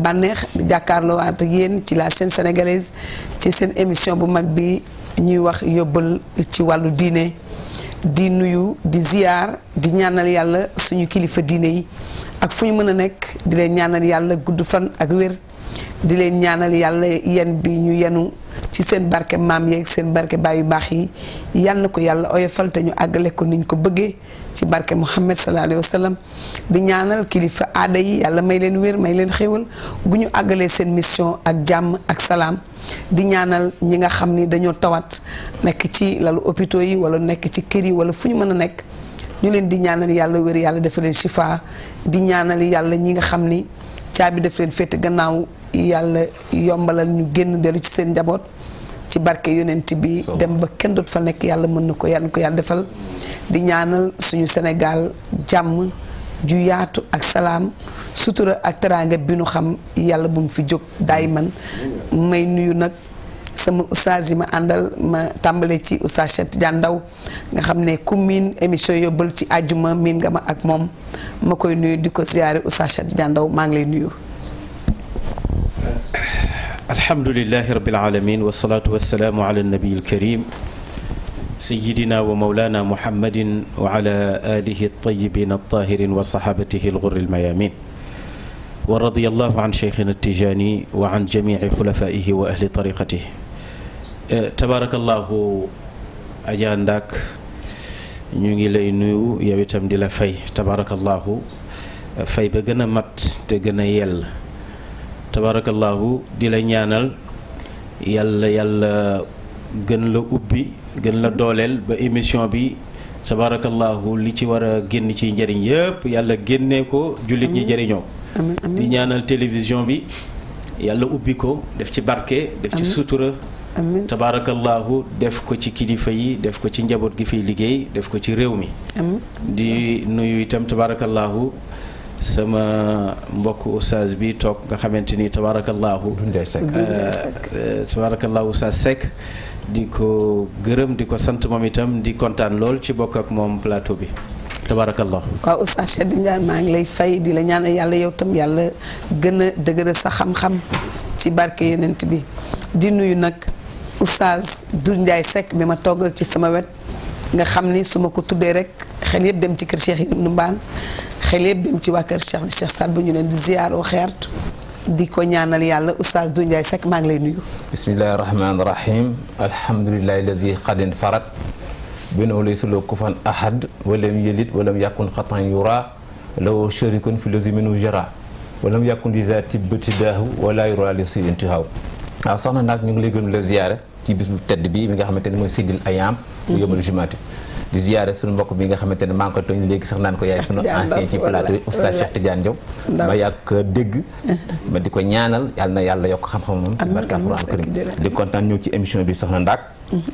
bànneex jàkkaarloo ak yéen ci la chaîne sénégalaise ci seen émission bu mag bi ñuy wax yóbbal ci wàllu diine di nuyu di ziyaar di ñaanal yàlla suñu kilifa diine yi ak fu ñu mën a nekk di leen ñaanal yàlla gudd fan ak wér di leen ñaanal yàlla yen bi ñu yenu ci seen barke maam yeeg seen barke bàyyi baax yi yal na ko yàlla oyofal te ñu àggale ko niñ ko bëggee ci barke Muhammad sallallahu alayhi wa sallam ñaanal kilifa aada yi yàlla may leen wér may leen xéwal bu ñu àggalee seen mission ak jàmm ak salaam di ñaanal ñi nga xam ni dañoo tawat nekk ci lalu hôpitaux yi wala nekk ci kër yi wala fu ñu mën a nekk ñu leen di ñaanal yàlla wér yàlla dafa leen di ñaanal yàlla ñi nga xam ni caabi daf leen féete gannaaw yàlla yombalal ñu génn dellu ci seen njaboot ci barke yonent bi dem ba kenn doot fa nekk yàlla mën na ko yàlla ko yàlla defal di ñaanal suñu senegal jàmm ju yaatu ak salaam sutura ak teraanga bi nu xam yàlla bu mu fi jóg daay man may nuyu nag sama ustaas yi ma àndal ma tàmbale ci ustaas Cheikh Tidiane Ndaw nga xam ne ku miin émission yóbbal ci àjjuma miin nga ma ak moom ma koy nuyu di ko ziyaare ustaas Cheikh Tidiane Ndaw maa ngi lay nuyu الحمد لله رب العالمين والصلاة والسلام على النبي الكريم سيدنا ومولانا محمد وعلى آله الطيبين الطاهرين وصحابته الغر الميامين ورضي الله عن شيخنا التجاني وعن جميع خلفائه وأهل طريقته أه، تبارك الله أجاندك داك نيو lay nuyu دي itam di la fay tabarakallahu fay ba gën tabaarakallaahu di la ñaanal yàlla yàlla gën la ubbi gën la dooleel ba émission bi tabaarakallaahu li ci war a génn ci njariñ yëpp yàlla génnee ko jullit ñi njariñoo di ñaanal télévision bi yàlla ubbi ko def ci barke def ci sutura amiin tabaarakallaahu def ko ci kilifa yi def ko ci njaboot gi fiy liggéey def ko ci réew mi di nuyu itam tabaarakallaahu sama mbokk oustaz bi toog nga xamante ni tabaarakallaahu euh, euh, tabaarakallaahu oustaz Seck di ko gërëm di ko sant moom itam di kontaan lool ci bokk ak moom plateau bi tabarakallah waaw oustaz Cheikh Ndiaye maa ngi lay fay di la ñaan yàlla yow tam yàlla gën a dëgëral sa xam-xam ci barke yeneent bi di nuyu nag oustaz Doudou Ndiaye Seck mi ma toggal ci sama wet nga xamni suma ko tuddé rek xel yeb dem ci kër Cheikh Ibn mban xel yeb dem ci wa kër Cheikh Cheikh Saad bu ñu leen di ziar au xeert di ko ñaanal yàlla oustaz du ndjay Seck ma ngi lay nuyu. bismillahir rahmanir rahim alhamdulillahi alladi qad infarat bin ulaysu lukufan kufan ahad walam yalid walam yakun khatan yura law sharikun fi lazi minhu jara walam yakun li zaati btidaahu wala yura li si intihaaw waaw soxna nag ñu ngi lay gën la ziare ci bisbu tedd bi mi nga xamanteni moy Sidil ayyam pour yóbbalu jumaati di ziyaare suñu mbokk bi nga xamante ne maa ngi koy tooñ léegi sax naan ko yaay sunu ancien ci plateau yi oustaz Cheikh Tidiane Diop ma yàgg dégg ma di ko ñaanal yàlla na yàlla yokk xam-xamam ci barke alxuraan karim di kontaan ñëw ci émission bi soxna Ndaak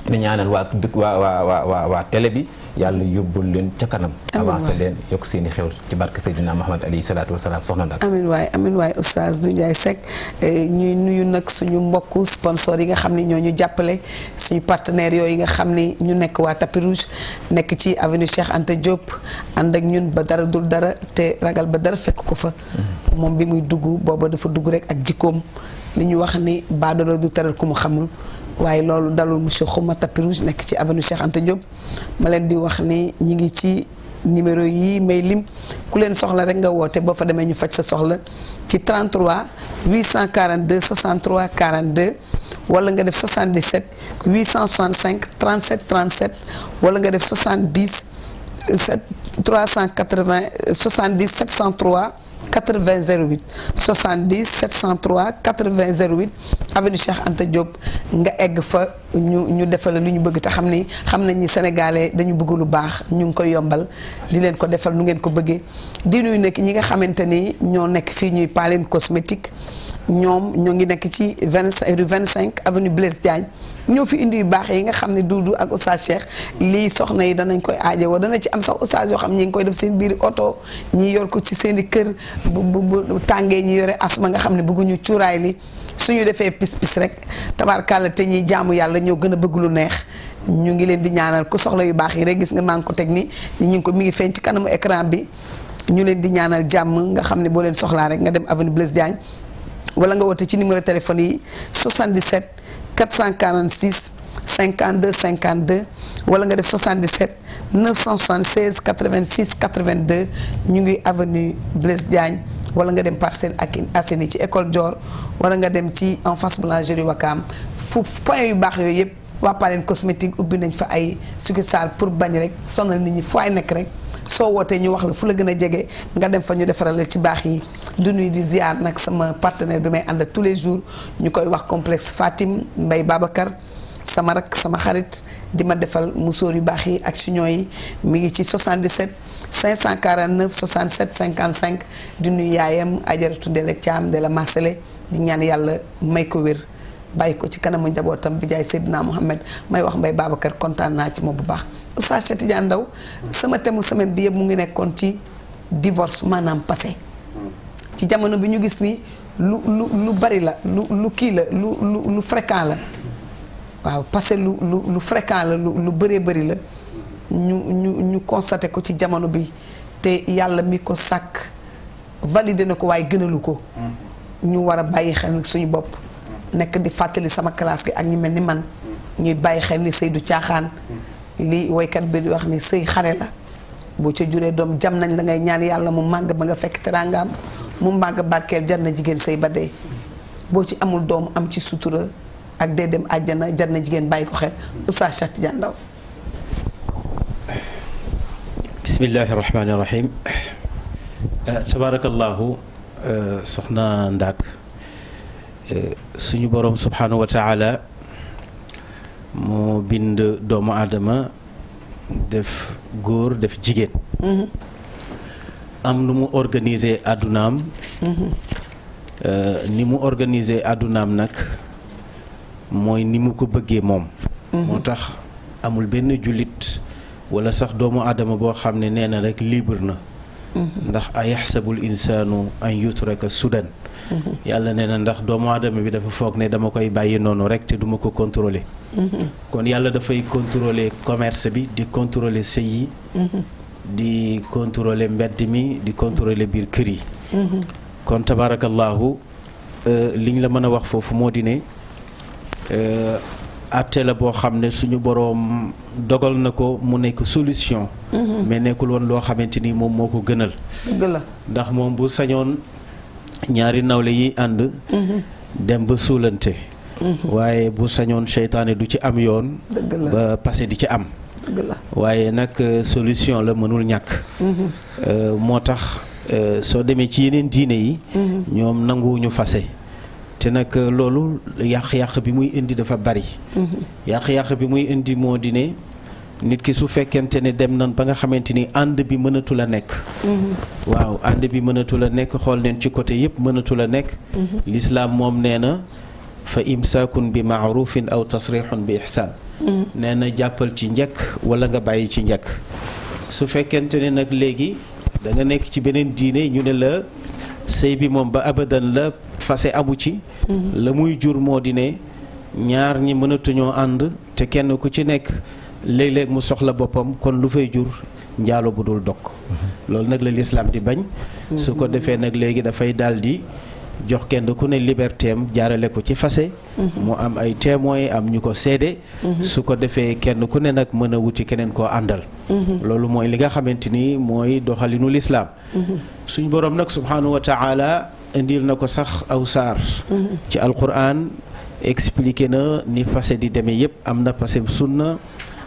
di ñaanal waa dëkk waa waa waa waa bi yàlla yóbbul leen ca kanam. avancé leen yokk seeni i xew ci barke Seydina Muhammad alayhi salaatu wa salaam soxna Ndak. amiin waay amiin waay oustaz du Ndiaye Seck eh, ñuy nuyu nag suñu mbokku sponsor yi nga xam ne ñoo ñu jàppale suñu partenaires yooyu nga xam ni ñu nekk waa tapis rouge nekk ci avenue Cheikh ante Diop ànd ak ñun ba dara dul dara te ragal ba dara fekk ko fa. Mm-hmm. moom bi muy dugg booba dafa dugg rek ak jikkoom li ñu wax ni baadoolo du teral ku mu xamul. waaye loolu dalul monsieur Xuma tapis rouge nekk ci avenue Cheikh Anta ma leen di wax ni ñi ngi ci numéro yi may lim ku leen soxla rek nga woote boo fa demee ñu faj sa soxla ci 33 842 63 42 wala nga def 77 865 37 37 wala nga def 70 380 70 703 80 08 70 703 80 08 avenue Cheikh Anta Diop nga egg fa ñu ñu defal lu ñu bëgg te xam ni xam nañ ni sénégalais dañu bëgg lu baax ñu ngi koy yombal di leen ko defal nu ngeen ko bëggee di nuyu nag ñi nga xamante ni ñoo nekk fii ñuy Palen cosmétique ñoom ñoo ngi nekk ci 20 rue 25 avenue Blaise Diagne. ñoo fi indi yu baax yi nga xam ne Doudou ak Oustaz Cheikh lii soxna yi danañ koy aajowoo dana ci am sax oustaz yoo xam ñi ngi koy def seen biir oto ñi yor ko ci seen i kër bu bu tàngee ñi yore asma nga xam ne bëgguñu cuuraay li suñu defee pis rek tabarkàlla te ñiy jaamu yàlla ñoo gën a bëgg lu neex ñu ngi leen di ñaanal ku soxla yu baax yi rek gis nga maa ko teg ni ñu ngi ko mi ngi feeñ ci kanamu écran bi ñu leen di ñaanal jàmm nga xam ne boo leen soxlaa rek nga dem avenue Blaise Diagne wala nga woote ci numéro téléphone yi 77 446 cinquante deux wala nga def 77 976 86 82 ñu ngi avenue Blaise Diagne wala nga dem parcelle ak Parcelles Assainies ci école Dior wala nga dem ci en face boulangerie Wakam fu point yu baax yooyu yëpp waa Palen cosmétique ubbi nañ fa ay succursale pour bañ rek sonal nit ñi fu ay nekk rek soo wootee ñu wax la fu la gën a jege nga dem fa ñu defaral ci baax yi. du nuy di ziar nag sama partenaire bi may ànd tous les jours ñu koy wax complex Fatim mbay Babacar sama rak sama xarit di ma defal musóor yu baax yi ak chignon yi mi ngi ci 77 549 67 55 di nuy yaayam ajaratu de la Thiam de la Masselé di ñaan yàlla may ko wér bàyyi ko ci kanamu njabootam bi jaay Seydina Mohamed may wax mbay Babacar kontaan naa ci ma bu baax Oustaz Cheikh Tidiane sama temu semaine bi yëpp mu ngi nekkoon ci divorce maanaam passé ci jamono bi ñu gis ni lu lu lu bari la lu lu ki la lu lu lu fréquent la waaw passé lu lu lu fréquent la lu lu bëree bëri la ñu ñu ñu constater ko ci jamono bi te yalla mi ko sak validé na ko waaye gënalu ko ñu wara bayyi xel nak suñu bop nek di sama classe gi ak ñi melni man ñuy bayyi xel ni seydou tiaxan li li kat bi wax ni sey xare la ca dom jam nañ la ngay ñaan yalla mu mag ba nga fekk mu màgg barkeel jar na jigéen sëy ba dee boo ci amul doom am ci sutura ak dee dem àjjana jar na jigéen bàyyi ko xel Oustaz Cheikh Tidiane Ndao bismillahi rahmaani soxna ndaak suñu boroom subhaanahu wa moo bind doomu aadama def góor def jigéen mm-hmm. am nu mu organiser àddunaam mm-hmm. euh, ni mu organiser àddunaam nag mooy ni mu ko bëggee moom mm-hmm. moo tax amul benn jullit wala sax doomu aadama boo xam ne nee na rek libre na mm-hmm. ndax a yaxsabul insaanu an yutraka sudan yàlla nee na ndax doomu aadama bi dafa foog ne dama koy bàyyi noonu rek te duma ko contrôler kon yàlla dafay contrôler commerce bi di contrôler sëy yi di contrôler mbedd mi di contrôler biir kër yi. Mm-hmm. kon tabaarakallaahu euh, liñ la mën a wax foofu moo di ne àtte euh, la boo xam ne suñu boroom dogal na ko mu nekk solution. Mm-hmm. mais nekkul woon loo xamante ni moom moo ko gënal. ndax moom bu sañoon ñaari nawle yi ànd. Mm-hmm. dem ba suulante. waaye bu sañoon seytaane du ci am yoon. ba passé di ci am. waaye nag solution la mënul ñàkk moo tax soo demee ci yeneen diine yi ñoom nanguwuñu fase te nag loolu yàq-yàq bi muy indi dafa bari yàq-yàq bi muy indi moo di ne nit ki su fekkente ne dem nan ba nga xamante ni ànd bi mënatu la nekk waaw ànd bi mënatu la nekk xool neen ci côté yëpp mënatu la nekk lislaam moom nee na fa imsaakun bi maarufin aw tasrixun bi ixsaan nee na jàppal ci njëkk wala nga bàyyi ci njëkk su fekkente ne nag léegi danga nekk ci beneen diine ñu ne la sëy bi moom ba abadan la fase amu ci mm-hmm. la muy jur moo di ne ñaar ñi mënatuñoo ànd te kenn ku ci nekk léeg-léeg mu soxla boppam kon lu fay jur njaalo bu dul dog mm-hmm. loolu nag la lislaam di bañ su ko mm-hmm. defee nag léegi dafay daldi jox kenn ku ne liberté am jaarale ko ci fase mhm. mu am ay témoins am ñu ko seede mhm. su ko defee kenn ku ne nag mën a wuti keneen ko àndal mhm. loolu mooy li nga xamante ni mooy doxalinu lislaam suñ boroom nag subhaanahu wa taala indil na ko sax aw saar ci alquran expliqué na ni fase di demee yëpp am na pasem sunna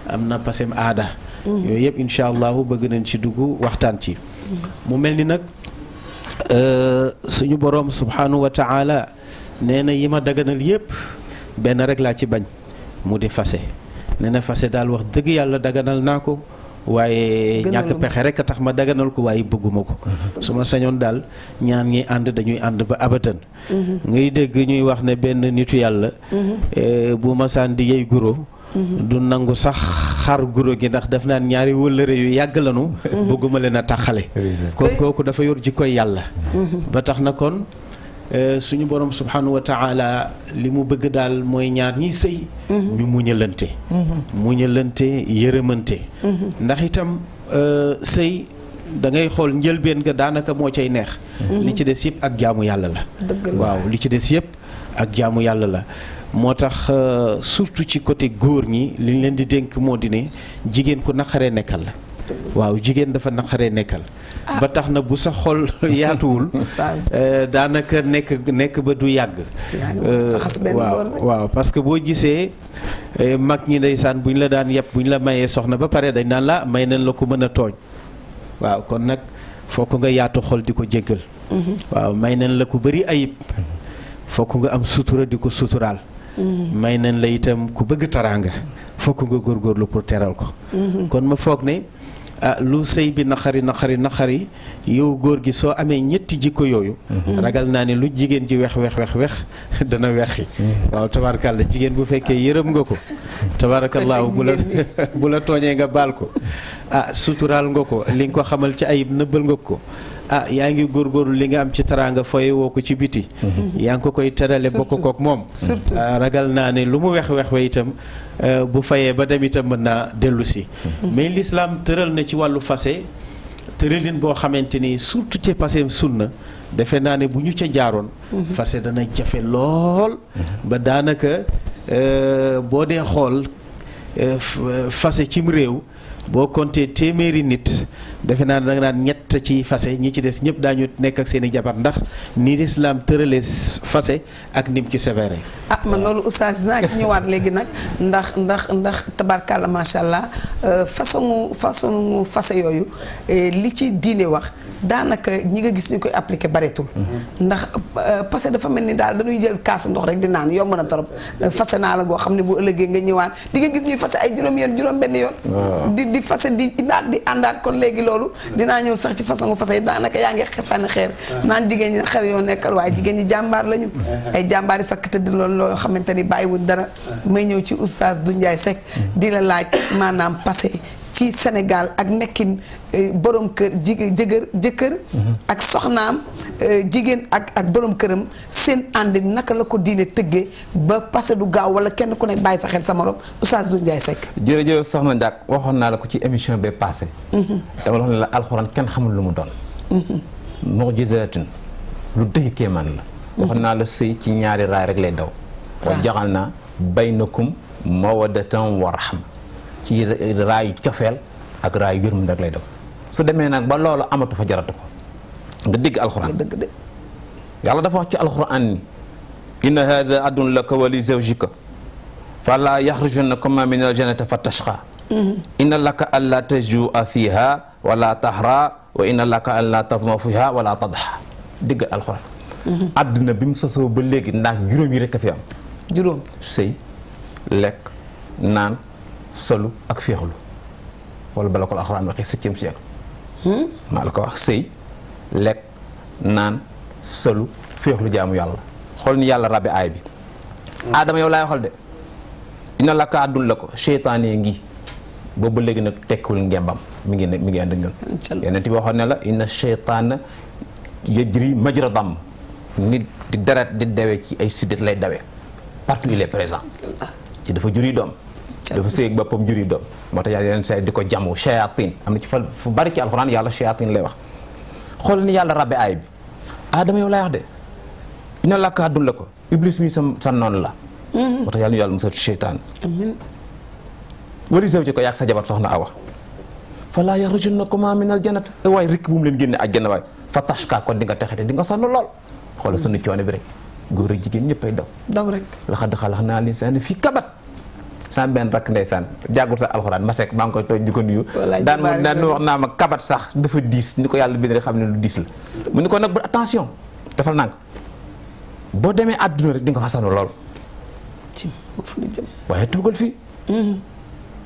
am na pasem aada yooyu yëpp incha allahu bëgg nañ ci dugg waxtaan ci mu mel ni nag Euh, suñu boroom subhanahu wa taala nee na yi ma daganal yépp benn rek laa ci bañ mu di fase nee na fase daal wax dëgg yàlla daganal naa ko waaye ñàkk pexe rek a tax ma daganal ko waaye bëgguma ko mhm. su ma sañoon daal ñaan ñi ànd dañuy ànd ba abadan mhm. ngay dégg ñuy wax ne benn nitu yàlla mhm. eh, bu ma di yey guro du nangu sax xar guro gi ndax daf naan ñaari wëllëre yu yàgg lanu mhm. bëgguma leen a taxale kon kooku dafa yor jikkoy yàlla mhm. ba tax na kon euh, suñu boroom subhanahu wa taala li mu bëgg daal mooy ñaar ñiy sëy mhm. ñu muñalante muñalante yërëmante ndax itam euh, sëy da xool njëlbeen ga daanaka moo cay neex li ci des yëpp ak jaamu yàlla la waaw li ci des yëpp ak jaamu yàlla la moo tax euh, surtout ci côté góor ñi li leen di dénk moo di ne jigéen ku naqaree nekkal la waaw jigéen dafa naqaree nekkal ah. ba tax na bu sa xol yaatuwul euh, daanaka nekk nekk ba du yàgg euh, waaw waaw parce que boo gisee mag ñi ndeysaan bu ñu la daan yàpp bu ñu la mayee soxna ba pare dañ daan la may nañ la ko mën a tooñ waaw kon nag fokk nga yaatu xol di ko jéggal mhm. waaw may nañ la ko bëri ayib mhm. fokk nga am sutura di ko suturaal may nañ la itam ku bëgg taraanga fokk nga góorgóorlu pour teral ko mhm. kon ma foog ne ah lu sëy bi naqari naqari naqari yow góor gi soo amee ñetti jikko yooyu mhm. ragal naa ne lu jigéen ji wex wex wex wex dana wexi mhm. waaw tabarakàlla jigéen bu fekkee yërëm nga ko tabarakallaahu bu la bu la tooñee nga baal ko ah suturaal nga ko li nga ko xamal ci ayib nëbbal nga ko ah yaa ngi góorgóorlu li nga am ci teraanga fooy woo ko ci biti. Mhm. yaa ngi ko koy terale bokk kook moom. Ah, ragal naa ne lu mu wex wex we itam ah, bu fayee ba dem itam mën naa dellusi si. Mhm. mais l'islam tëral na ci wàllu fase tëralin boo xamante ni surtout ci paseem sunna defe naa ne bu ñu ca jaaroon. Mhm. fase dana jafe lool. ba daanaka ah, boo dee xool fase cim réew boo compté téeméeri nit. defe naa da nga naan ñett ci fase ñi ci des ñëpp daañu nekk ak seen i jabar ndax ni lislaam tëralee fase ak nim ci sévère ah ma loolu oustaz naa ci ñëwaat léegi nag ndax ndax ndax tabarkalla macha allah euh, façon façon fase yooyu li ci diine wax. daanaka ñi nga gis ñu koy appliqué bareetul. ndax euh, parce que dafa mel ni daal dañuy jël kaasu ndox rek di naan yomb na trop euh, fase naa la goo xam ne bu ëllëgee nga ñëwaat di nga gis ñuy fase ay juróom yoon juróom benn yoon. di di fase di naat di àndaat kon léegi loolu. dinaa ñëw sax ci façon fase yi daanaka yaa ngi xesani xeer. naan jigéen ñi xeer yoo nekkal waaye jigéen ñi jàmbaar lañu. ay jàmbaar yi fekk tëdd loolu loo xamante ni bàyyiwul dara. may ñëw ci oustaz Doudou Ndiaye Seck di laaj maanaam passé ci senegal ak nekkin eh, borom kër ji jëkkër mhm. ak soxnaam eh, jigéen ak ak borom këram seen ànd naka la ko diine tëggee ba passé du gaaw wala kenn ku nekk bàyyi sa xel sa morom Oustaz Doudou Ndiaye Seck jërëjëf soxna Ndiak waxoon naa la ko ci émission bee passé mhm. dama la wax ne la alxuraan kenn xamul lu mu doon mhm. mu'jizatun lu dëy kéemaan la waxoon naa la sëy ci ñaari raay rek lay daw wa jaxal naa baynakum mawaddatan wa rahma ci raayu cofeel ak raayu yërmande rek lay def su demee nag ba loolu amatu fa jaratu ko nga dégg alxuraan dëgg dëgg yàlla dafa wax ci alxuraan ni inna zawjika fala yaxrujannakuma min aljannati fa tashqa mhm. inna laka an la fiha wala tahra wa inna laka an tazma fiha wala tadxa dégg alxuraan mhm. àdduna bi mu sosoo ba léegi juróom yi rek a fi am juróom sëy lekk naan solu ak féexlu wala bala ko la alxuraan waxee septième siècle hmm? maa la ko wax sëy lekk naan solu féexlu jaamu yàlla xool ni yàlla rabe aay bi hmm. aadama yow laay waxal de ina la ko àddun la ko seytaane ngi boobu léegi nag tekkul ngembam mi ngi mi ngi ànd ak ñun yeneen bi waxoon ne la inna seytaana yajri majra dam nit di deret di dawe ci ay sidit lay dawe partout il est présent ci dafa juri doom dafa séy ba boppam juri doom moo tax yàlla yeneen say di ko jamu shayatin am na ci fa fu bari ci alxuraan yàlla shayatin lay wax xool ni yàlla rabbe aay bi aadama yow lay wax de ina làkk àddun la ko iblis mi sa sa noon la mm-hmm. moo tax yàlla ñu yàlla musal ci seytaan wari sëw ci ko yàgg sa jabar soxna awa fala yaxrujunnakumaa min aljanat eh waay rikk bu mu leen génne àjjana waay fa tashka kon di nga texete di nga sonn lool xoolal sunu coono bi rek góor ak jigéen ñëppay daw daw rek laxa daxalax naa leen saani fii kabat sama benn rakk ndeysaan jàggul sax alxuraan ma sek bang ko koy tooñ di ko nuyu dan mu daan wax na ma kabat sax dafa diis ni ko yàlla bind rek xam lu 10 la mu ni nak nag bu attention dafa nànk boo demee àdduna rek di nga dem waye togal fi hmm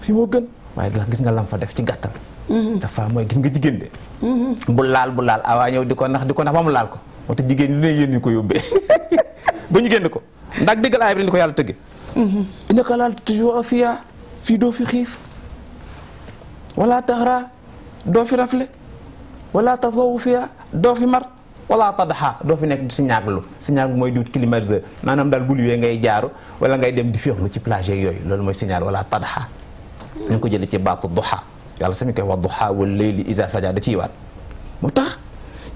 fi mo gën waye la gis nga lam fa def ci gattal hmm dafa moy gis nga jigen de hmm bu laal bu laal awa ñew diko nax diko nax ba mu laal ko moo jigen jigéen ñi lu ne yéen ñu ko yobbe bu ñu gën ko ndak déggal ay bi ni ko yalla tëggee Mm-hmm. innaka laa tujuu fiyaa fii doo fi xiif wala taxraa doo fi rafle wala taswawu fiyaa doo fi mar wala tadxa doo fi nekk si ñaaglu si ñaaglu mooy diwut climatiseur maanaam daal bul yooyu ngay jaaru wala ngay dem di féexlu ci plage yooyu loolu mooy signal wala tadxa ñu ngi ko jëlee ci baatu duxa yàlla sañu koy wax duxa wal layli isa saja da ciy waat moo tax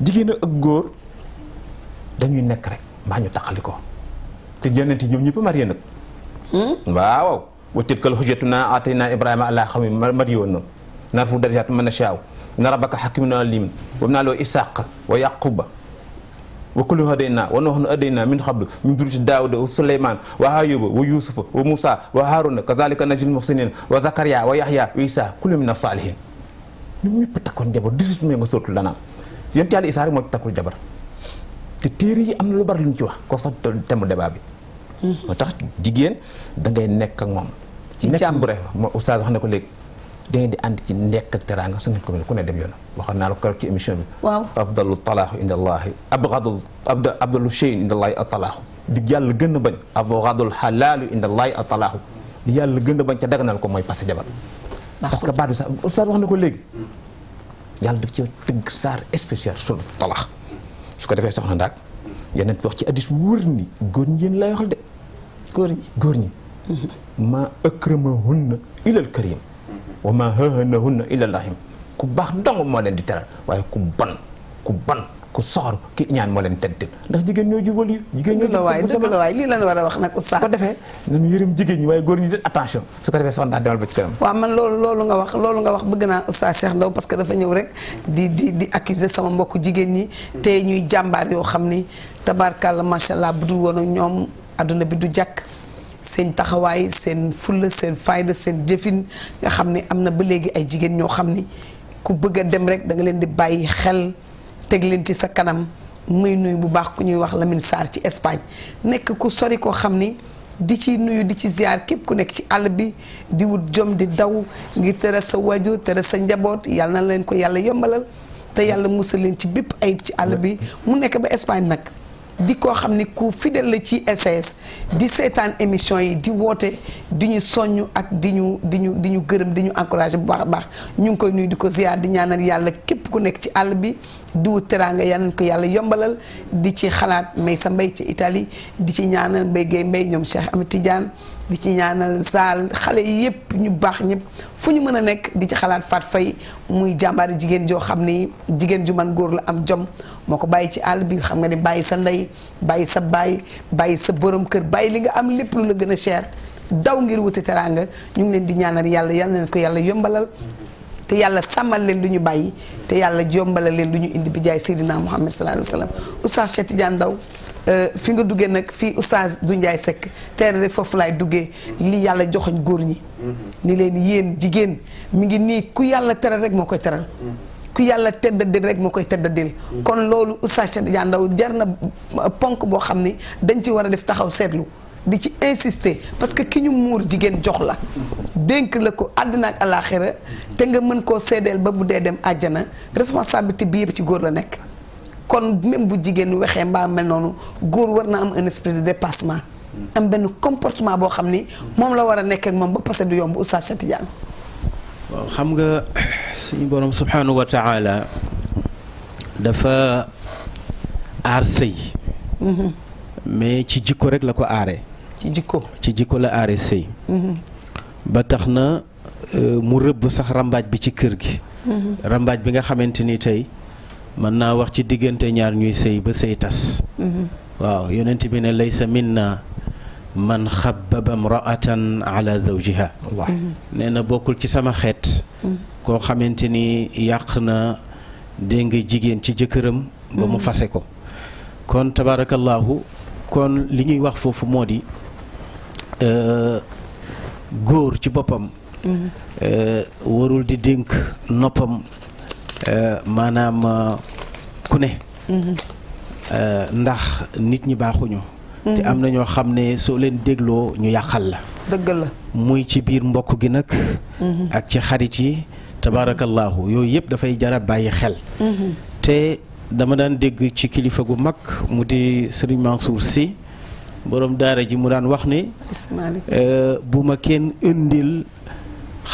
jigéen ak góor dañuy nekk rek mbaa ñu taqali ko te jënanti ñoom ñëpp marié Hmm? waaw wa tilkal hujjatuna atayna ibrahima ala xawmi madiyona narfu darajat man nashaaw inna rabbaka hakimun alim wabna loo isaq wa yaquba wa kullu hadayna wa nuhun na min qablu min durriyati daawuda wa suleyman wa ayuba wa yusufa wa musa wa haruna kazalika najzil muhsinin wa zakariya wa yahya wa isa kullu min as-salihin ñoom ñëpp takkoon jabar 18 mai nga sóotul dana yonent yàlla Isaa rek moo takkul jabar te téere yi am na lu bari lu ñu ci wax ko sax temul débat bi motax tax da ngay nek ak mom ci jàmm nekk bu rek moom oustaz wax na ko leg da ngay di and ci nek ak teraanga su ngeen ko ku ne dem yon waxoon naa la ko ci emission bi. waw afdalu talaaxu inda allah abghadu abda abdalu cheyin inda allah atalaaxu di yàlla gën bañ abghadu halal inda allah atalaaxu di yàlla gën bañ ci dagnal ko moy passé jabar parce que baat oustad sax wax na ko leg yalla du ci teug sar spécial sunu talaax su ko defé soxna ndaak yeneen wax ci addis bu wër ni góor ñi yéen lay waxal de góor ñi góor ñi maa akramahunna ilal karim wa maa hahanahunna ilal rahim ku baax dong moo leen di teral waaye ku bon ku bon ku soxor ki iñaan moo leen tëdd ndax jigéen ñoo jubal yu jigéen ñoo la waay dëgg la waay lii lan war a wax nag oustaz ko ñi waaye góor ñi di attention su ko defee soxna daa demal ba ci kanam waaw man loolu loolu nga wax loolu nga wax bëgg naa oustaz Cheikh Ndaw parce dafa ñëw rek di di di accuser sama mbokk jigéen ñi te ñuy jàmbaar yoo xam ni tabarkàlla macha allah bu dul woon ñoom àdduna bi du jàkk seen taxawaay seen fulla seen fayda seen jëfin nga xam ni am na ba léegi ay jigéen ñoo xam ni ku bëgg a dem teg leen ci sa kanam muy nuyu bu baax ku ñuy wax Lamine saar ci Espagne nekk ku sori koo xam ni di ci nuyu di ci ziar képp ku nekk ci àll bi di wut jom di daw ngir tere sa wajur tere sa njaboot yàlla na leen ko yàlla yombalal te yàlla musal leen ci bépp ayib ci àll bi mu nekk ba Espagne nag di koo xam ni ku fidèle la ci SS di seetaan émission yi di woote di ñu soññ ak di ñu di ñu gërëm di ñu encouragé bu baax a baax ñu ngi koy nuyu di ko ziar di ñaanal yàlla képp ku nekk ci àll bi di wut teraanga yal nañu ko yàlla yombalal di ci xalaat may sa mbay ci itali di ci ñaanal mbay gay mbay ñoom Cheikh Amady Tidiane di ci ñaanal saal xale yépp ñu baax ñëpp fu ñu mën a nekk di ci xalaat Fat Faye muy jàmbaari jigéen joo xam ni jigéen ju man góor la am jom moo ko bàyyi ci àll bi xam nga ne bàyyi sa ndey bàyyi sa baay bàyyi sa borom kër bàyyi li nga am lépp lu la gën a cher daw ngir wuti teraanga ñu ngi leen di ñaanal yàlla yal na leen ko yàlla yombalal te yàlla sàmmal leen du ñu bàyyi te yàlla jombalal leen du ñu indi bi jaay Seydina Muhammad sallallahu alayhi wa sallam Oustaz Cheikh Tidiane Ndao Euh, fi nga duggee nag fii oustaz du sekk Seck teerale foofu laay duggee li yàlla joxoñ góor ñi mhm. ni leen yéen jigéen mu ngi nii ku yàlla teral rek moo koy teral mhm. ku yàlla teddadil rek moo koy teddadil mhm. kon loolu oustaz Cheikh Tidiane jar na euh, ponk boo xam ni dañ ci war a def taxaw seetlu di ci insister parce que ki ñu muur jigéen jox la dénk la ko àddina ak alaaxira te nga mën koo seedeel ba bu dee dem àjjana responsabilité bi yëpp ci góor la nekk kon même bu jigéen waxee mbaam mel noonu góor war na am un esprit de dépassement. am benn comportement boo xam ni. moom la war a nekk ak moom ba passé du yomb Oustaz Cheikh Tidiane. waaw xam nga suñu borom subhanahu wa taala dafa aar sëy. Mhm. mais ci jikko rek la ko aare ci jikko ci jikko la aare sëy. Mhm. ba tax na euh, mu rëbb sax rambaaj bi ci kër gi. Mhm. rambaaj bi nga xamante ni tey. mën naa wax ci diggante ñaar ñuy sëy ba sëy tas mm-hmm. waaw yonent bi ne laysa minna man xababa mraatan ala zawjiha mm-hmm. nee na bokkul ci sama xeet mm-hmm. koo xamante ni yàq na dégg jigéen ci jëkkëram ba mu fase ko kon tabaarakallaahu kon li ñuy wax foofu moo di euh, góor ci boppam euh, warul di dénk noppam Euh, maanaam euh, ku ne. Mm-hmm. Euh, ndax nit ñi baaxuñu. Mm-hmm. te am na ñoo xam ne soo leen dégloo ñu yàqal la. dëgg la muy ci biir mbokk gi nag. Mm-hmm. ak ci xarit yi tabaarakallaahu yooyu yëpp dafay jara bàyyi xel. te dama daan dégg ci kilifa gu mag mu di Serigne Mansour Sy borom daara ji mu daan wax ni. bu ma kenn indil.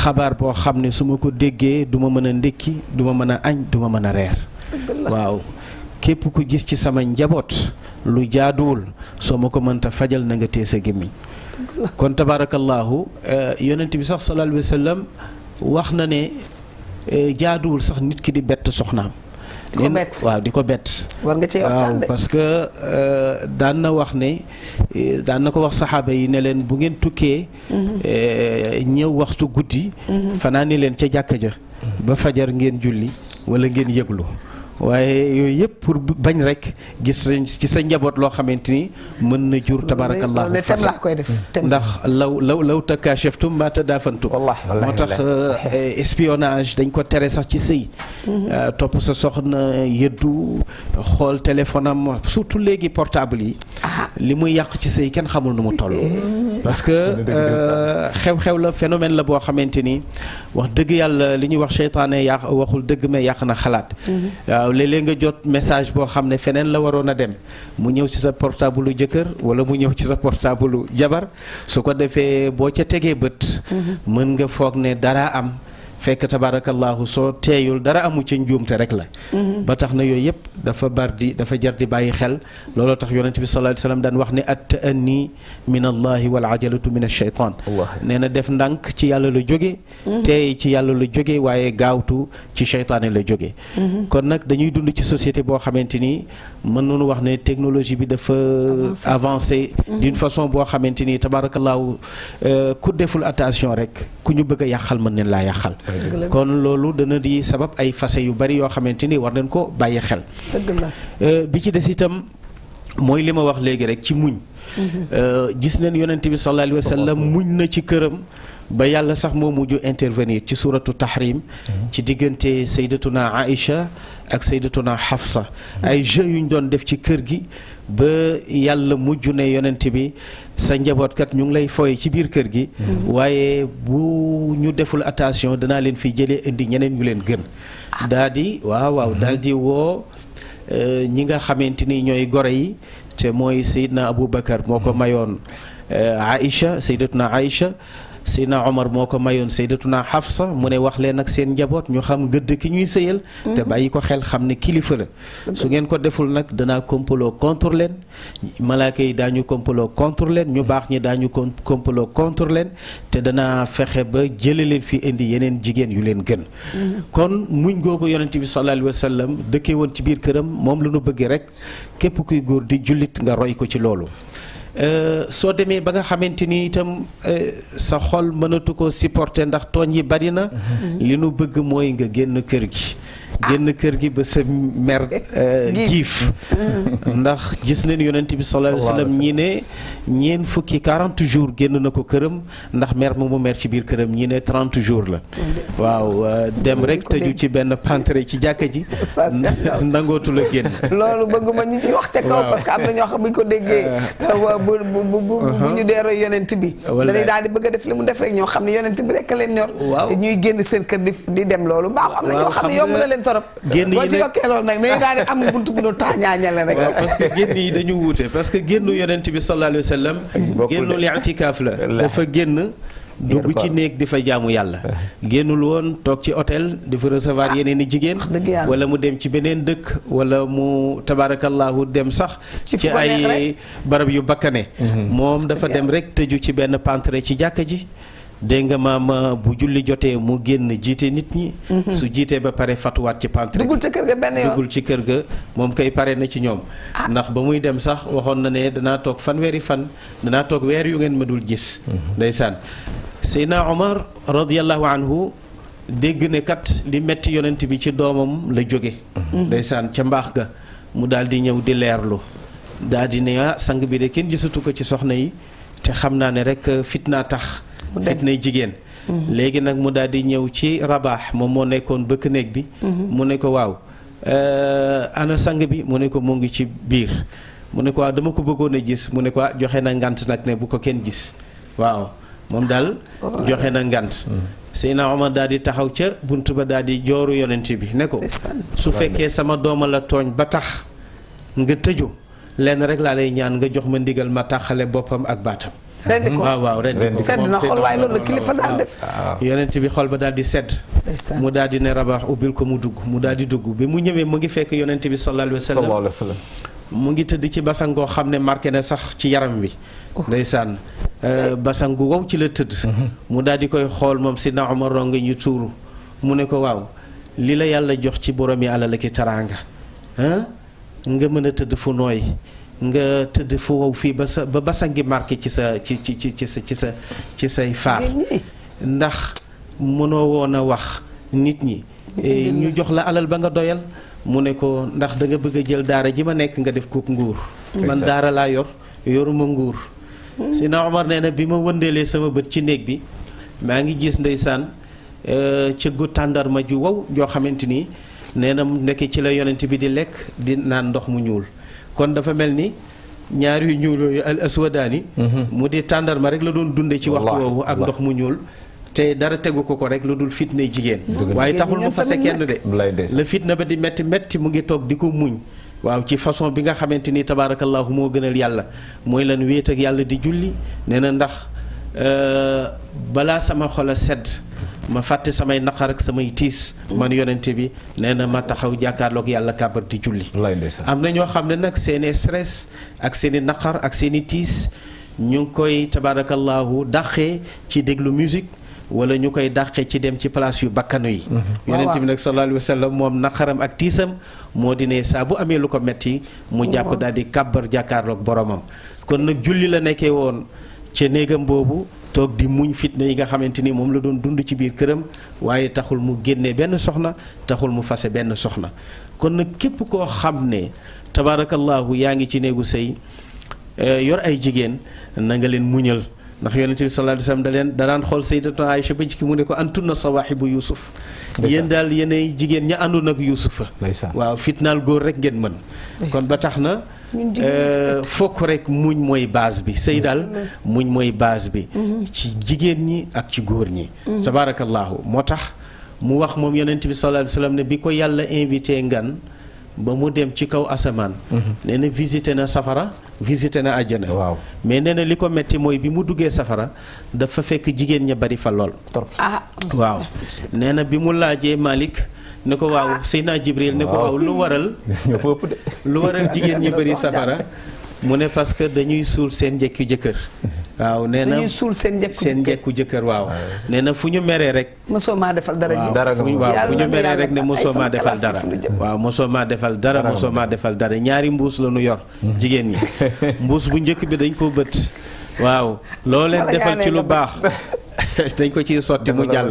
xabaar boo xam ne su ma ko déggee du ma mën a ndékki duma mën a añ duma mën a reer waaw képp ku gis ci sama njaboot lu jaaduwul soo ma ko mënta fajal na nga tee sa gémmiñ kon tabaarakallaahu euh, yonent bi sax sallallahu alayhi wa sallam wax na ne euh, jaaduwul sax nit ki di bett soxnaam di ko bett waaw di ko bett. war nga cee waxtaan waaw parce que euh, daan na wax ne euh, daan na ko wax saxaaba yi ne leen bu ngeen tukkee. Mhm. Euh, ñëw waxtu guddi. Mhm. fanaani leen ca jàkka ja. ba fajar ngeen julli wala ngeen yëglu. waaye yooyu yëpp pour bañ rek gis ci sa njaboot loo xamante ni mën na jur tabarakallahu laa koy def ndax law law law takashaftum ma tadaafantum moo tax espionnage dañ ko tere sax ci sëy topp sa soxna yëddu xool téléphone am surtout léegi portable yi li muy yàq ci sëy kenn xamul nu mu toll parce que xew-xew la phénomène la boo xamante ni wax dëgg yàlla li ñuy wax seytaane yàq waxul dëgg mais yàq na xalaat léeg-léeg nga jot message boo xam ne feneen la waroon a dem mu ñëw ci sa portable lu jëkkër wala mu ñëw ci sa portable jabar su ko defee boo ca tegee bët mhm. mën nga foog ne dara am fek tabaarakallaahu so teyul dara amu ci njumte rek la ba taxna na yooyu dafa bardi dafa jar di bàyyi xel lolo tax yaronte bi sallallahu alayhi wasallam dan wax ni at taanni min allah wal ajalatu min ash-shaytan neena def ndànk ci yàlla lu jóge tey ci yàlla lu jóge waye gawtu ci shaytan la jóge kon nak dañuy dund ci société bo xamanteni man nu wax ne technologie bi dafa avancé d'une façon bo xamanteni ni ku deful attention rek ku ñu bëgg a man ne la laa kon loolu dana di sabab ay fase yu bari yoo xamante ni war nañ ko bàyyi xel. Euh, bi ci des itam mooy li ma wax léegi rek ci muñ. Mhm. Euh, gis nañ yonent bi sallallahu alayhi wa muñ na ci këram. ba yàlla sax moo mujj intervenir ci suuratu tahrim mhm. ci diggante saydatuna Aïcha ak saydatuna Hafsa mhm. ay jeux yu ñu doon def ci kër gi. ba yàlla mujj ne yonent bi sa njabootkat ñu ngi lay fooye ci biir kër gi mm-hmm. waaye bu ñu deful attention danaa leen fi jëlee indi ñeneen ñu leen gën ah. daa di waaw waaw mm-hmm. daal woo euh, ñi nga xamante ni ñooy goro yi te mooy Seydina Aboubacar moo ko mm-hmm. mayoon euh, Aïcha Seydatuna Aïcha Seydina Omar moo ko mayoon Seydatuna Hafsa mu ne wax leen ak seen njaboot ñu xam gëdd ki ñuy sëyal te mhm. bàyyi ko xel xam ne kilifa la su ngeen ko deful nag danaa kompaloo contre leen malaaka yi daañu kompaloo contre leen ñu baax ñi daañu kompaloo contre leen te danaa fexe ba jële leen fi indi yeneen jigéen yu leen gën mhm. kon muñ googu yonent bi sallallahu alayhi wa sallam woon ci biir këram moom la ñu bëgg rek képp kuy góor di jullit nga roy ko ci loolu Euh, soo demee ba nga xamante ni itam euh, sa xol mënatu ko supporter ndax tooñ yi bari na. Mm-hmm. li nu bëgg mooy nga génn kër gi. génn kër gi ba sa mer giif euh, mm. ndax gis leen yonent bi sallallahu alayhi wa ñi ne ñeen fukki 40 jours génn na ko këram ndax mer mu mu mer ci biir këram ñi ne 30 jours la waaw euh, dem rek tëju ci benn pantre ci jàkka ji nangootu la génn loolu bëgguma ñu ci wax ca kaw parce que am na ñoo xam bu ñu ko déggee euh, bu bu bu uh-huh. ñu dee roy yonent bi dañuy daal di bëgg def mu def ñoo xam ne yonent bi seen kër di di ñoo xam ne yomb na leen torop génn yi yokkee loolu nag nañu daal di am buntu bu ñu taañaañale rek parce que génn yi dañu wuute parce que génnu yonent bi sallallahu alayhi wa sallam génnul i'tikaaf la dafa génn dugg ci néeg di fa jaamu yàlla génnul woon toog ci hôtel di fa recevoir ah, yeneen i jigéen wala mu dem ci beneen dëkk wala mu tabaarakallahu dem sax ci ay barab yu bakkane mhm. moom dafa dem rek tëju ci benn pentre ci jàkka ji dégg nga maam bu julli jotee mu génn jiite nit ñi. Mhm. su jiitee ba pare fatuwaat ci pentre dugul ci kër ga ci kër ga moom kay pare na ci ñoom. Ah. ndax ba muy dem sax waxoon na ne danaa toog fanweeri fan danaa toog weer yu ngeen ma dul gis. Mhm. ndeysaan Seydina Omar radiyallahu anhu dégg ne kat li metti yonent bi ci doomam la jóge mhm. ndeysaan ca mbaax ga mu daal di ñëw di leerlu daal di ne ah sang bi de kenn gisatu ko ci soxna yi te xam naa ne rek fitna tax. fitnay jigéen mm-hmm. léegi nag mu daal di ñëw ci rabaax moom moo nekkoon bëkk néeg bi mm-hmm. mu ne ko waaw euh, ana sang bi mu ne ko mu ngi ci biir mu ne ko waaw dama ko bëggoon a gis mu ne ko ah, joxe na ngant nag ne bu ko kenn gis waaw moom daal oh. joxe na ngant mm. Seydina Omar daal di taxaw ca bunt ba daal di jooru yonent bi ne ko su fekkee sama doomal la tooñ ba tax nga tëju lenn rek laa lay ñaan nga jox ma ndigal ma taxale boppam ak baatam rendi ko waaw waaw sedd na xol waaye loolu kilifa daan def yonent bi xol ba daal di sedd mu daal di ne rabax ubbil ko mu dugg mu daal di dugg bi mu ñëwee mu ngi fekk yonent bi sallallahu alayhi wa sallam mu ngi tëdd ci basan goo xam ne marqué na sax ci yaram wi bi sànn basan gu wow ci la tëdd mhm. mu daal di koy xool moom si na Omar rongo ñu tuuru mu ne ko waaw li la yàlla jox ci borom yi àlal ak teraanga nga mën a tëdd fu nooy nga fu foofu fii ba sa ba basa ngi marqué ci sa ci ci ci ci sa ci sa ci say faar ndax mënoo woon a wax nit ñi eh, ñu jox la alal ba nga doyal mu ne ko ndax da nga bëgg a jël daara ji ma nekk nga def kook nguur man daara laa yor yoruma nguur hmm. sina Omar nee na bi ma wëndeelee sama bët ci néeg bi maa ngi gis ndeysaan eh, cëggu tàndarma ju wow joo xamante ni nee na nekk ci la yonent bi di lekk di naan ndox mu ñuul kon dafa mel ni ñaar yu ñuul yooyu al aswadaani mhm. mu di tàndarma rek la doon dunde ci waxtu woowu ak ndox mu ñuul te dara tegu ko ko rek lu dul fitna jigéen waaye taxul mu fase kenn de la fitna ba di métti métti mu ngi toog di ko muñ waaw ci façon bi nga xamante ni tabaarakallahu moo gënal yàlla mooy lan wéet ak yàlla di julli nee na ndax Euh, balaa sama xol a sedd ma fàtte samay naqar ak samay tiis man yonente bi nee na ma taxaw jàkkaarloog yàlla kàbbar di julli am na ñoo xam ne nag seeni stress ak seeni naqar ak seeni tiis ñu ngi koy tabaarakallaahu dàqee ci déglu musique wala ñu koy dàqee ci dem ci place yu bakkanu yi mhm. yonent bi nag moom naqaram ak tiisam moo di ne saa bu amee lu ko metti mu jàpp daal di kàbbar jàkkaarloog boromam kon nag julli la nekkee woon ca néegam boobu toog di muñ fitna yi nga xamante ni moom la doon dund ci biir këram waaye taxul mu génne benn soxna taxul mu fase benn soxna kon nag képp koo xam ne tabaarakallaahu yaa ngi ci néegu sëy eh, yor ay jigéen na nga leen muñal ndax yonente bi sallallahu alayhi wasallam da leen da daan xool ki mu ne ko antunna sawaahibu Yuusuf yéen daal yéenay jigéen ña àndoon ak Yuusufa waaw fitnaal góor rek ngeen mën kon ba tax na euh, fokk rek muñ mooy base bi sëy daal mm-hmm. muñ mooy base bi mm-hmm. ci jigéen ñi ak ci góor ñi mm-hmm. tabaarakallaahu moo tax mu wax moom yonent bi sallallaahu alayhi ne bi ko yàlla invité ngan ba mu dem ci kaw asamaan. Mhm. nee na visité na safara visité na àjjana. waaw mais nee na li ko metti mooy bi mu duggee safara dafa fekk jigéen ña bari fa lool. ah waaw nee na bi mu laajee Malick. ne ko waaw ah. Seydina Jibril ne ko waaw lu waral. lu waral jigéen ñi bari safara. mu ne parce que dañuy suul seen njëkku jëkkër. waaw nee na suul seen njëkku seen njëkku jëkkër waaw. Ah nee na fu ñu meree rek. mosoo maa defal dara ji waaw fu ñu meree rek ne mosoo maa defal dara. waaw mosoo maa defal dara mosoo maa defal dara ñaari mbuus la ñu yor. Mm-hmm. jigéen ñi mbuus bu njëkk bi dañ koo bët. waaw loo leen defal ci lu baax dañ ko ciy sotti mu jàll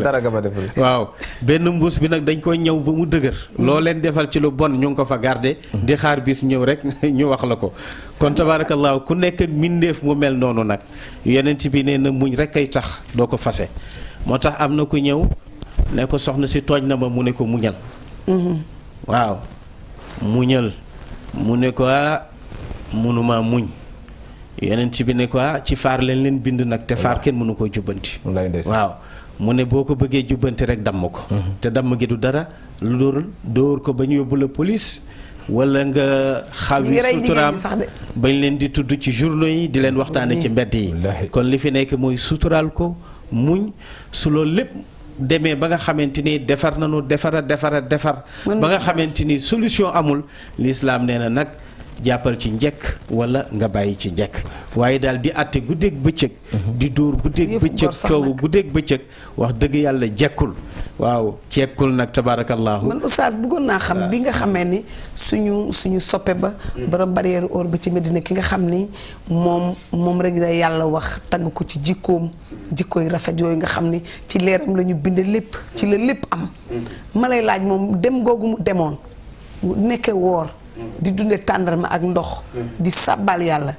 waaw benn mbuus bi nag dañ ko ñëw ba mu dëgër loo leen defal ci lu bon ñu ngi ko fa garde di xaar bis ñëw rek ñu wax la ko kon tabaarakallaahu ku nekk ak mbindeef mu mel noonu nag yonent bi nee na muñ rek ay tax doo ko fase moo tax am na ku ñëw ne ko soxna si tooñ na ma mu ne ko muñal mhm. waaw muñal mu ne ko ah mënumaa muñ yonent bi ne ko ah, ci faar leen leen bind nag te faar kenn mënu koo jubbanti waaw mu ne boo ko bëggee jubbanti rek damm ko mhm. te damm gi du dara lu dóorul dóor ko ba ñu yóbbu la polis walla nga xaw yi suturaam bañ leen di tudd ci journaux yi di leen waxtaane ci mbedd yi kon li fi nekk mooy suturaal ko muñ su loolu lépp demee ba nga xamante ni defar nañu defara defara defar ba nga xamante ni solution amul lislaam nee na nag jàppal ci njekk wala nga bàyyi ci njekk waaye daal di àtte guddeeg bëccëg mhm. di dóor guddeeg bëccëg kaw guddeeg bëccëg wax dëgg yàlla jekkul waaw jekkul nag tabaarakallaahu man oustaz buggoon naa xam bi nga xamee ni suñu suñu soppe ba hmm. borom barrière or ba ci Medina ki nga xam ni moom moom rek da yàlla wax tagg ko ci jikkoom jikkooy rafet yooyu nga xam ni ci leeram lañu bind lépp ci la lépp am hmm. ma lay laaj moom dem googu mu demoon nekke woor di dunde tàndarma ak ndox di sàbbaal yàlla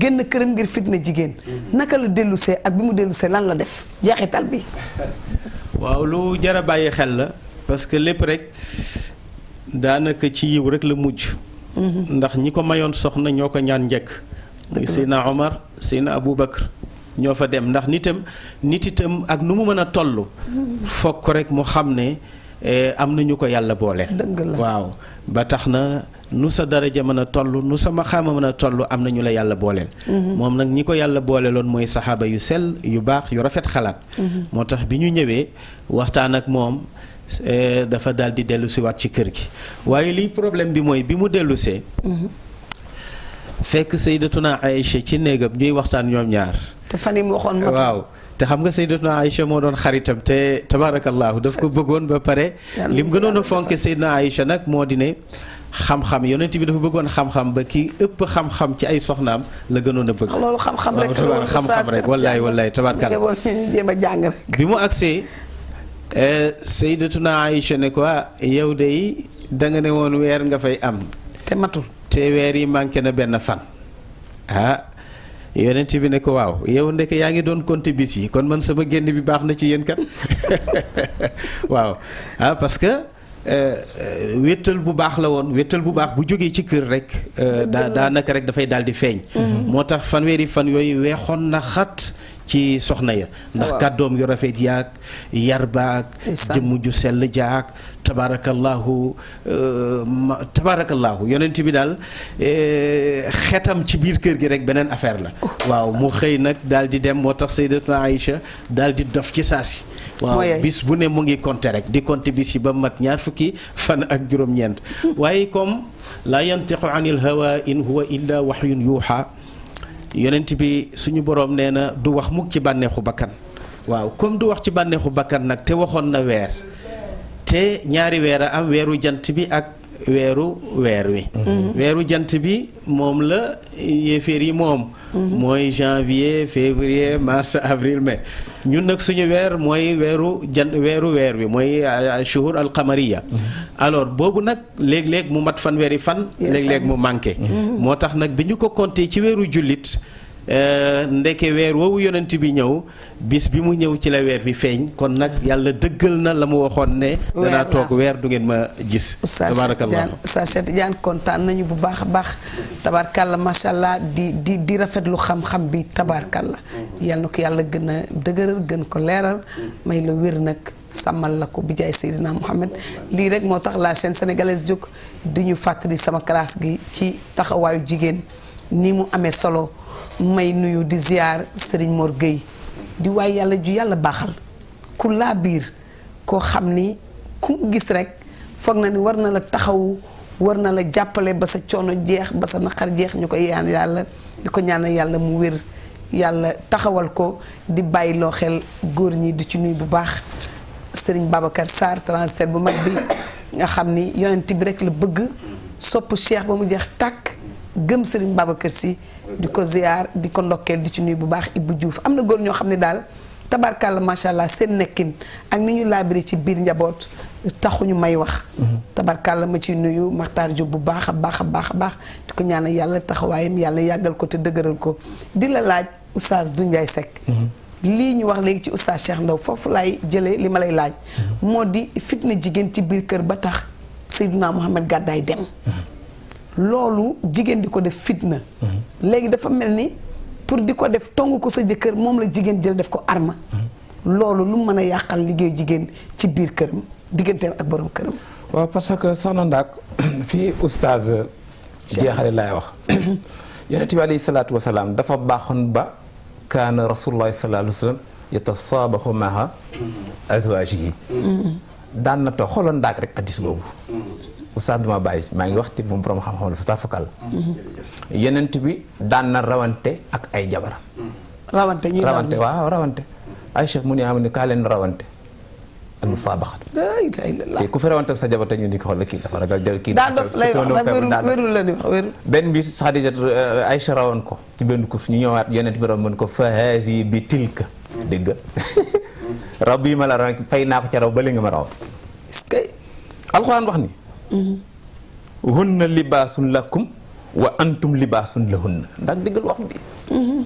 génn këram ngir fitna jigéen naka la dellusee ak bi mu dellusee lan la def jeexital bi waaw lu jara bàyyi xel la parce que lépp rek daanaka ci yiw rek la mujj ndax ñi ko mayoon soxna ñoo ko ñaan njëkk muy Seydina Omar Seydina Abou Bakr ñoo fa dem ndax nitam nit itam ak nu mu mën a toll fokk rek mu xam ne eh, am nañu ko yàlla boole waaw ba tax na nu sa daraja mën a toll nu sa maxaama mën a toll am na ñu la yàlla booleel. Mhm. moom nag ñi ko yàlla booleeloon mooy saxaaba yu sel yu baax yu rafet xalaat. Mhm. moo tax bi ñu ñëwee waxtaan ak moom eh, dafa dal di dellu siwaat ci kër gi waaye liy problème bi mooy bi mu dellusee. Mhm. fekk Sayyidatuna Aïcha ci néegam ñuy waxtaan ñoom ñaar. te yi mu waxoon waaw. te xam nga Seydina Aïcha moo doon xaritam te tabaarakallaahu daf ko bëggoon ba pare lim gënoon a fonk Seydina Aïcha nag moo di ne xam-xam yonent bi dafa bëggoon xam-xam ba kii ëpp xam-xam ci ay soxnaam la gënoon a bëgg. Ah, loolu xam-xam rek loolu xam-xam rek wallaay wallaay tabarkal jéem a jàng rek. bi mu agsee eh, Sayyidatuna naa ne ko ah, yow de da nga ne woon weer nga fay am. te matul te weer yi manqué na benn fan. ah yonent bi ne ko waaw yow ndek yaa ngi doon compter bis yi kon man sama génn bi baax na ci yéen kat waaw ah Euh, euh, wéttal bu baax la woon wéttal bu baax bu jógee ci kër rek euh, daa daanaka rek dafay daal di feeñ mm-hmm. moo tax fanweeri fan yooyu weexoon na xat ci soxna ya ndax kàddoom yu rafet yaag yar baag jëmm ju sell jaag tabaarakallaahu tabaarakallaahu yonent bi daal xetam ci biir kër gi rek beneen affaire la oh, waaw mu xëy nag daal di dem moo tax sayyidatuna Aïcha daal di dof ci saasi waaw bis bu ne mu ngi conté rek di compter bis yi ba mat ñaar fukki fan ak juróom-ñeent waaye comme laa yantiqu anil hawa in huwa illa waxyun yuuxa yonent bi suñu boroom nee na du wax mukk ci bànneexu bakkan waaw comme du wax ci bànneexu bakkan nag te waxoon na weer te ñaari weer a am weeru jant bi ak weeru weer wi mhm. weeru jant bi moom la yéeféer yi moom mhm. mooy janvier février mars avril mai ñun nag suñu weer mooy weeru jant weeru weer wi mooy al euh, alqamariya mhm. alors boobu nag léeg-léeg mu mat fan fan léeg-léeg mu manqué moo tax nag bi ñu ko compté ci weeru Euh, ndeke weer woowu yonent bi ñëw bis bi mu ñëw ci la weer bi feeñ kon nag yàlla dëggal na la mu waxoon ne danaa toog weer du ngeen ma gis tabarakallah Oustaz Cheikh Tidiane kontaan nañu bu baax baax baax la macha allah di di di rafetlu xam-xam bi tabarkalla yàlla na ko yàlla gën a dëgëral gën ko leeral may la wér nag sàmmal la ko bi jaay Seydina Mohamed lii rek moo tax la chaîne sénégalaise jóg di ñu fàttali sama kalaas gi ci taxawaayu jigéen ni mu amee solo may nuyu di ziar Serigne Mor Gueye di waay yàlla ju yàlla baaxal ku laa biir koo xam ni ku mu gis rek foog na ni war na la taxawu war na la jàppale ba sa coono jeex ba sa naqar jeex ñu ko yaan yàlla di ko ñaanal yàlla mu wér yàlla taxawal ko di bàyyi loo xel góor ñi di ci nuyu bu baax sëriñ Babacar Sarr transfert bu mag bi nga xam ni yonent bi rek la bëgg sopp Cheikh ba mu jeex tàkk gëm Serigne kër si di ko ziar di ko ndokkeel di ci nuyu bu baax Ibou Diouf am na góor ñoo xam ne daal la macha allah seen nekkin ak ni ñu laabire ci biir njaboot taxu ñu may wax. Mhm. la ma ciy nuyu Makhtar Diop bu baax a baax a baax baax di ko ñaanal yàlla taxawaayam yàlla yàggal ko te dëgëral ko di la laaj oustaz du Ndiaye Seck. Mhm. lii ñu wax léegi ci oustaz Cheikh Ndaw foofu laay jëlee li ma lay laaj. Mhm. moo di fitna jigéen ci biir kër ba tax Seydina Mohamed gàddaay dem. loolu jigéen di ko def fitna. léegi dafa mel ni pour di ko def tong ko sa jëkkër moom la jigéen jël def ko arma. loolu lu mën a yàqal liggéey jigéen ci biir këram digganteem ak borom këram. waaw parce que soxna Ndaak fii oustaz. jeexale laay wax. yonent bi alayhi salaatu wa dafa baaxoon ba. kaana rasulullahi sallallahu alayhi wa sallam yatasaabaxu maha azwaajihi mm-hmm. daan na toog xooloon Ndaak rek addis boobu. oustaz duma bàyyi maa ngi wax ci moom borom xam-xam la fa tafakal yenent bi daan na rawante ak ay jabaram rawante ñuy rawante waaw rawante ay cheikh mu ne am kaa leen rawante al musaabaxatu te ku sa jabar ñu ni ko xool kii dafa ragal jël kii daa benn bi Xadija euh, Aïcha rawoon ko ci benn ku fi ñu ñëwaat yenent bi mën ko fa haasi bi tilka dégg nga raw bii ma la raw fay naa ko ca raw ba li nga ma raw est alxuraan wax ni Mm-hmm. hunna libaasun lakum wa antum libaasun lahunna ndax dëggal wax bi mm-hmm.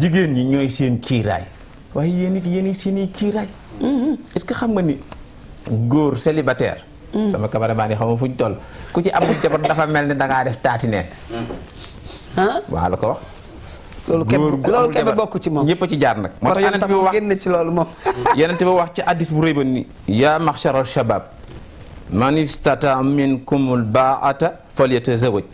jigéen ñi ñooy seen kiiraay waaye yéen it yéen seen i kiiraay mm-hmm. est-ce que xam nga ni góor célibataire sama cameraman yi xam nga fu ñu toll ku ci amul jabar dafa mel ni dangaa def taati neen waaw la ko wax loolu képp bokk ci moom ñëpp ci jaar nag moo tax yonent bi wax génn ci loolu moom yonent bi wax ci addis bu rëy ba ni yaa maxcharal shabab من استطاع منكم الباعة فليتزوج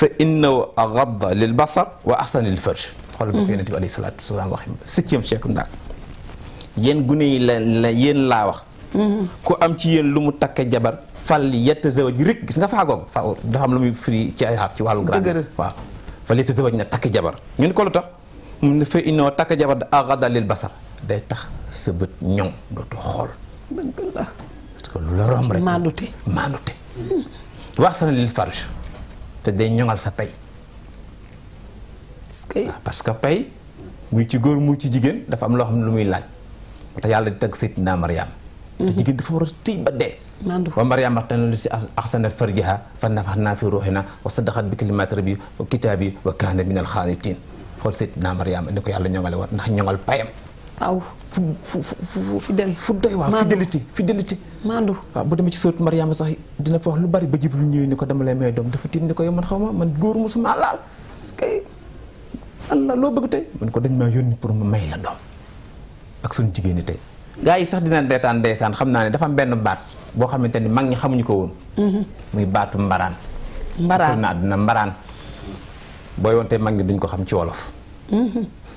فإنه أغض للبصر وأحسن للفرش خلوا بقى ينتبه عليه الصلاة والسلام وخيم ستيوم شيكم داك ين غني ين لا وخ كو أم تي ين لوم تك جبر فليتزوج ريك سنغا فاغوغ فاغوغ دهام لومي فري تي هاب تي والو غران فليتزوج نتك جبر ين كولو تخ من في انه تك جبر اغدا للبصر داي تخ سبت نيون دوتو خول دغ ko lu la romb rek manouté manouté wax sa lil farj te day ñongal sa nah, pay parce que pay muy ci gor muy ci jigen dafa am lo xam lu muy laaj ta yalla tegg tagg na maryam te mhm. jigéen dafa wara tey tiy ba dee wa mariam axtana lu ci ahsana farjaha fa nafaxna fi ruhina wa sadaqat bi kalimat rabbi wa kitabi wa kana min alxaanitin xool saytina mariam ni ko yalla ñongal war ndax ñongal payam waaw fu fu fu fidèle fu doy waaw fidélité fidélité maandu waaw bu demee ci sóotu Mariama sax dina fa wax lu bari ba Jibril ñëwee ni ko dama lay may doom dafa tiit ni ko yow man xaw ma man góor musuma laal parce que Allah loo bëgg tey man ko dañ maa yónni pour ma may la doom ak suñu jigéen ñi tey gaa yi sax dina deetaan ndeysaan xam naa ne dafa am benn baat boo xamante ni mag ñi xamuñu ko woon mm-hmm. muy baatu mbaraan mbaraan na àdduna mbaraan booy wontee mag ñi duñ ko xam ci wolof mm-hmm.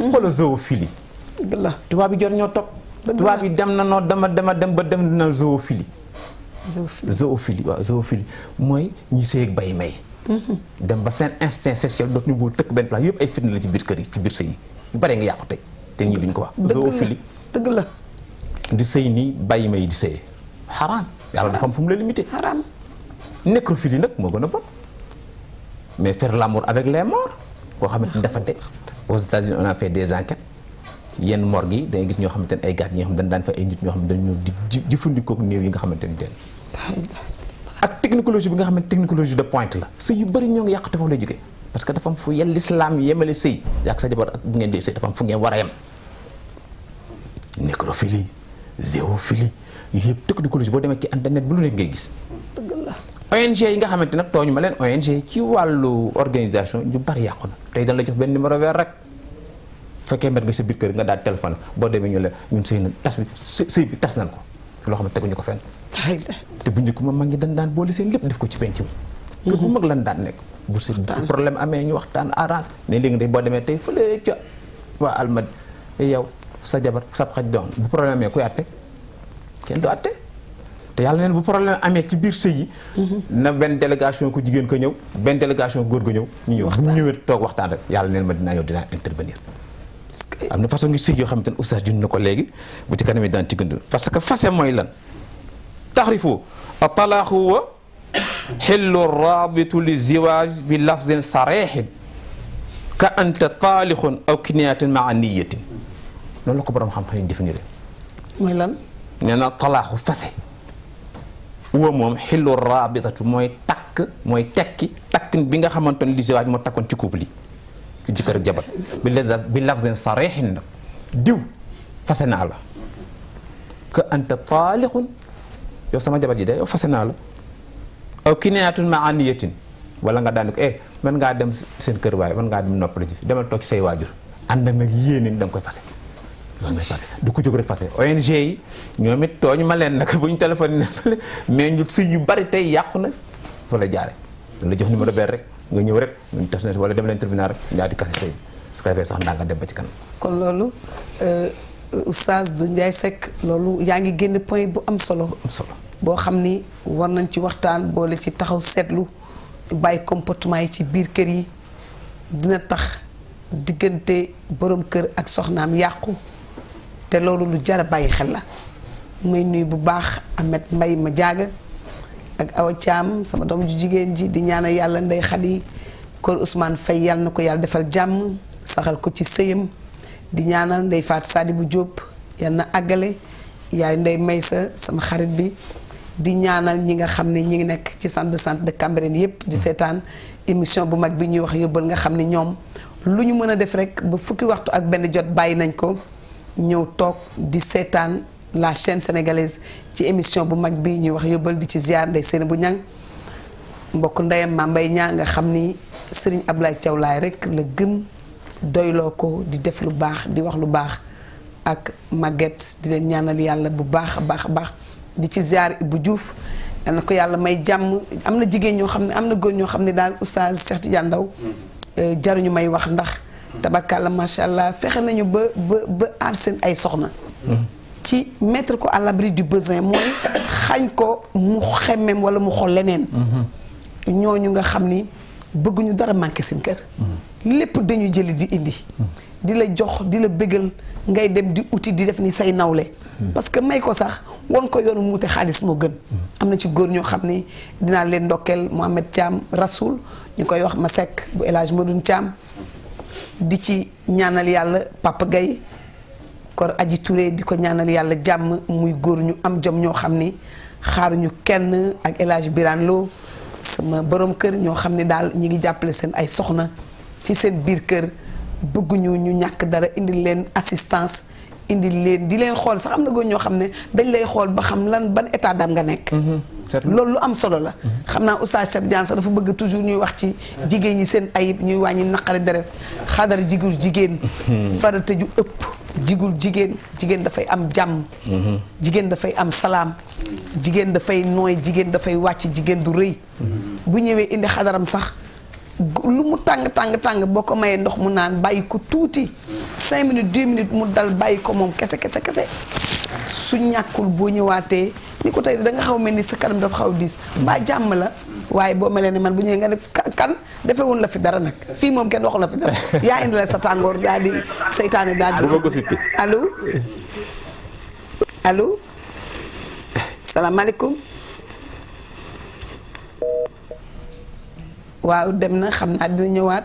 Mm-hmm. xoolal zoophilie. la tubaab bi jor ñoo topp. tubaab bi dem na noo dama dama dem ba dem na zoophilie. zoophilie zoophilie waaw zoophilie mooy ñi sëy bay may. Mm-hmm. dem ba seen instinct sexuel do ñu boo tekk ben place yépp ay fitna la ci biir kër yi ci biir sëy yi bari nga yàqu tay té ñi duñ ko wax. zoophilie deug la di sëy nii bay may di sëyee. haram yàlla dafa am fu mu la limité. xaraam nécrophilie nak mo gëna a bon mais faire l'amour avec les morts. koo xamante ni dafa dee aux États-Unis on a fait des enquêtes yenn morgue dangay gis ñoo xamante ne ay gàtt ñoo xam dañ daan fa ay nit ñoo xam ne dañ di jëfandikoo ak néew yi nga xamante ni teel ak technologie bi nga xam ne technologie de pointe la sëy yu bëri ñoo ngi yàq te foofu lay jógee parce que dafa am fu yel l'islam yemale sëy yàq sa jabar ak bu ngeen dee sëy dafa am fu ngeen war a yem nécrophilie zéophilie yooyu yëpp technologie boo demee ci internet bu lu ne ngay gis ONG yi nga xamante nag tooñu ma leen ONG ci wàllu organisation ñu bari yàqu na tey dañ la jox benn numéro weer rek fekkee met nga sa biir kër nga daal téléphone boo demee ñu la ñun sëy na tas bi sëy bi tas nañ ko loo xam ne teguñu ko fenn te bu ko ma mag ñi dañ daan boole seen lépp def ko ci penc mi kër bu mm-hmm. mag lan daan nekk bu si problème amee ñu waxtaan arrange ne léegi day boo demee tey fële ca waa almad yow sa jabar sab xaj doon bu problème amee kuy atte kenn te yàlla neen bu problème amee ci biir sëy yi na benn délégation ku jigéen ko ñëw benn délégation góor ko ñëw ñu ñëw ñu ñëwee toog waxtaan rek yàlla neen ma dinaa yow dinaa intervenir am na façon ngi sëy yoo xamante ne oustaz jun na ko léegi bu ci kanamee daan ci gënd parce que fase mooy lan taxrifu a talaaxu wa xillu rabitu li ziwaaj bi lafzin sareexin ka anta taalixun aw kiniyaatin maa niyatin noonu la ko borom xam-xam yi définir mooy lan nee na talaaxu fase uwa moom xillu raabitatu mooy takk mooy takk takk bi nga xamante ne li ziwaaj moo takkoon ci couple yi ci jëkkër ak jabar bi la bi lafzin sarixin la diw fase naa la que anta taalixun yow sama jabar ji de yow fase naa la aw kinaatun maaniyatin wala nga daan ko eh mën ngaa dem seen kër waaye man ngaa dem noppali ji demal toog say waajur ànd ak yéeneen da nga koy fase du ko jóg rek fase ONG yi ñoom it tooñ ma leen nag bu ñu téléphoné mais ñu si yu bari tey yàqu na fa la jaare la jox numéro benn rek nga ñëw rek ñu tas na wala dem leen tribunal rek ñaa di kase sax ndaa nga dem ba ci kanam. kon loolu euh, oustaz du Ndiaye Seck loolu yaa ngi génn point bu am solo. solo boo xam ni war nañ ci waxtaan boole ci taxaw seetlu bàyyi comportement yi ci biir kër yi dina tax diggante borom kër ak soxnaam yàqu. té lolu lu jara bayyi xel la may nuy bu baax amet mbay ma jaaga ak Awa cham sama dom ju jigen ji di ñaanal yalla ndey Xadi kër Ousmane Faye yalla nako yalla defal jàmm saxal ko ci seyem di ñaanal ndey Faat sadi bu job na agale yaay ndey Maysa sama xarit bi di ñaanal ñi nga xam ñi ngi nek ci centre de santé de yépp di sétane émission bu mag bi ñuy wax yobul nga xam ñom luñu mëna def rek bu fukki waxtu ak benn jot bayinañ ko ñëw toog di seetaan la chaine sénégalaise ci émission bu mag bi ñuy wax yóbbal di ci ziar ndey seen bu ñang mbokk ndeyam Mame mbay Niang nga xam ni Serigne ab Thiaw Laye rek la gëm doyloo ko di def lu baax di wax lu baax ak Maguette di leen ñaanal yàlla bu baax a baax baax di ci ziar bu juuf yal na ko yàlla may jàmm am na jigéen ñoo xam ne am na góor ñoo xam ne daal oustaz Cheikh Tidiane Ndao mm-hmm. euh, jaruñu may wax ndax tabarkàlla macha allah fexe nañu ba ba ba ay soxna. Hmm. ci mettre ko à l'abri du besoin mooy xañ ko mu xemmem wala mu xool leneen. Hmm. ñooñu nga xam ni bëgguñu dara manqué seen kër. Hmm. lépp dañuy jëli di indi. di la jox di la bëggal ngay dem di uti di def ni say nawle. parce que may ko sax wan ko yoon mu wute xaalis moo gën. am na ci góor ñoo xam ni dinaa leen ndokkeel Mohamed Thiam Rasoul ñu koy wax Masek bu El Hadj Madoun Thiam. di ci ñaanal yàlla Papa kon aji ture di ko ñaanal yàlla jàmm muy góor ñu am jom ñoo xam ni xaaruñu kenn ak El Hadj Birane Lo sama borom kër ñoo xam ne daal ñi ngi jàppale seen ay soxna ci seen biir kër bëgguñu ñu ñàkk dara indil leen assistance indil leen di leen xool sax am na góor ñoo xam ne dañ lay xool ba xam lan ban état d'âme nga nekk mm-hmm. loolu lu am solo la xam naa oustaz Cheikh Diagne sax dafa bëgg toujours ñuy wax ci jigéen ñi seen ayib ñuy wàññi naqari deret xadar jigul jigéen farata ju ëpp jigul jigéen jigéen dafay am jàmm mhm. jigéen dafay am salaam jigéen dafay nooy jigéen dafay wàcc jigéen du rëy mhm. bu ñëwee indi xadaram sax lu mu tàng tàng tàng boo ko mayee ndox mu naan bàyyi ko tuuti cinq minutes mu dal bàyyi ko moom kese kese kese su ñàkkul boo ñëwaatee ni ko tey da xaw mel ni sa kanam dafa xaw diis mbaa jàmm la waaye boo melee ne man bu ñëwee nga ne kan defewun la fi dara nag fii moom kenn waxu la fi dara yaa indi la sa tàngoor daal di seytaane daal di allo allo salaamaaleykum waaw dem na xam naa dina ñëwaat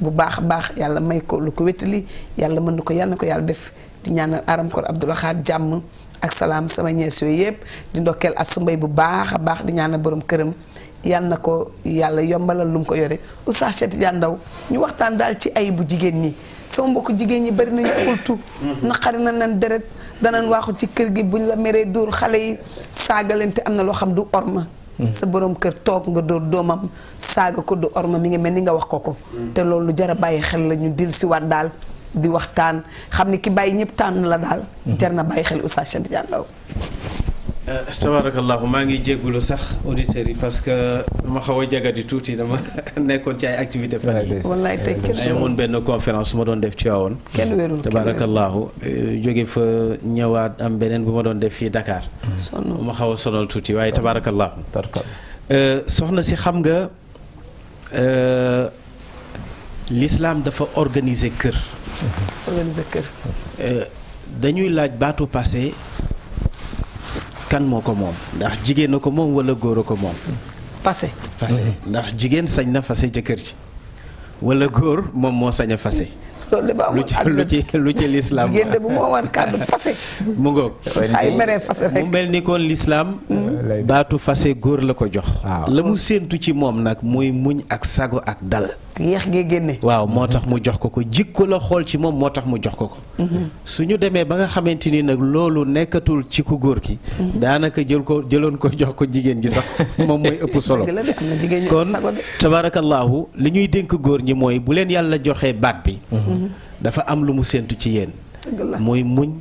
bu baax baax yàlla may ko lu ko wétali yàlla mën na ko yàlla ko yàlla def di ñaanal aram koor Abdou Lahad jàmm ak salaam sama ñees yooyu yëpp di ndokkeel ak su mbay bu baax a baax di ñaanal borom këram yàlla na ko yàlla yombalal lu mu ko yore Oustaz Cheikh Tidiane ñu waxtaan daal ci ay bu jigéen ñi sama mbokku jigéen ñi bari nañu xultu mhm. naqari na nan deret danañ waaxul ci kër gi buñ la meree dóor xale yi saagalante am na loo xam du orma sa boroom kër toog nga dóor doomam saaga ko du orma mi ngi mel ni nga wax ko ko. te loolu a bàyyi xel la ñu dil si waat daal di waxtaan xam ne ki bàyyi ñëpp tànn la daal. Mm-hmm. jar na bàyyi xel Oustaz Cheikh Tidiane Ndao tabarakallah maa ngi jégalu sax auditeurs yi parce que ma xaw a jagadi tuuti dama nekkoon ci ay activité fan yi wallaay tey kenn amoon benn conférence bu ma doon def ci waawoon kenn wérul tabarakallahu jóge fa ñëwaat am beneen bu ma doon def fii Dakar ma xaw a sonal tuuti waaye tabarakallahu soxna si xam nga l'islam dafa organiser kër organiser kër dañuy laaj baatu passé kan moo ko moom ndax jigéen a ko moom wala góor a ko moom. fase fase ndax jigéen sañ na fase jëkkër ji wala góor moom moo sañ a fase. loolu lu ci lu ci lislaam jigéen de bu ma woon kàddu fase. mu mel ni kon lislaam baatu fase góor la ko jox. la mu séentu ci moom nag muy muñ ak sago ak dal. yéex ngee génne. waaw moo tax mu jox ko ko jikko la xool ci moom moo tax mu jox ko ko. Mhm. su ñu demee ba nga xamante ni nag loolu nekkatul ci ku góor ki. Mhm. daanaka jël ko jëloon ko jox ko jigéen ji sax moom mooy ëpp solo. kon tabaarakallaahu li ñuy dénk góor ñi mooy bu leen yàlla joxee baat bi. Mhm. dafa am lu mu séentu ci yéen. mooy muñ.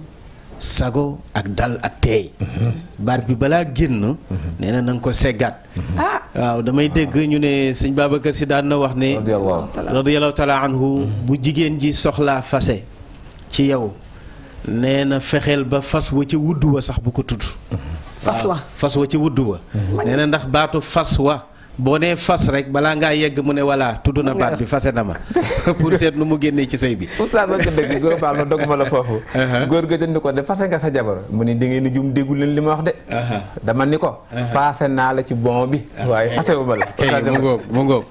sago ak dal ak teey baat bi balaa génn nee na na ko seggaat ah waaw damay dégg ñu ne sëñ Babacar si daan wax ne radiallahu taala anhu bu jigéen ji soxlaa fase ci yow nee na fexeel ba fas wa ca wudd wa sax bu ko tudd fas wa fas wa ca wudd wa nee ndax baatu fas wa boné fas rek bala nga yegg mu ne voilà tudd bi fase dama pour sét nu mu génné ci sey bi oustad wax deug góor baal ma dog la fofu uh-huh. góor ga dënd ko dé fase nga sa jabar mu ni da ngeen ni jum déggul leen li wax dé uh-huh. dama ni ko uh-huh. fase na la ci bon bi way fase wu bal la kay mu ngoog mu ngoog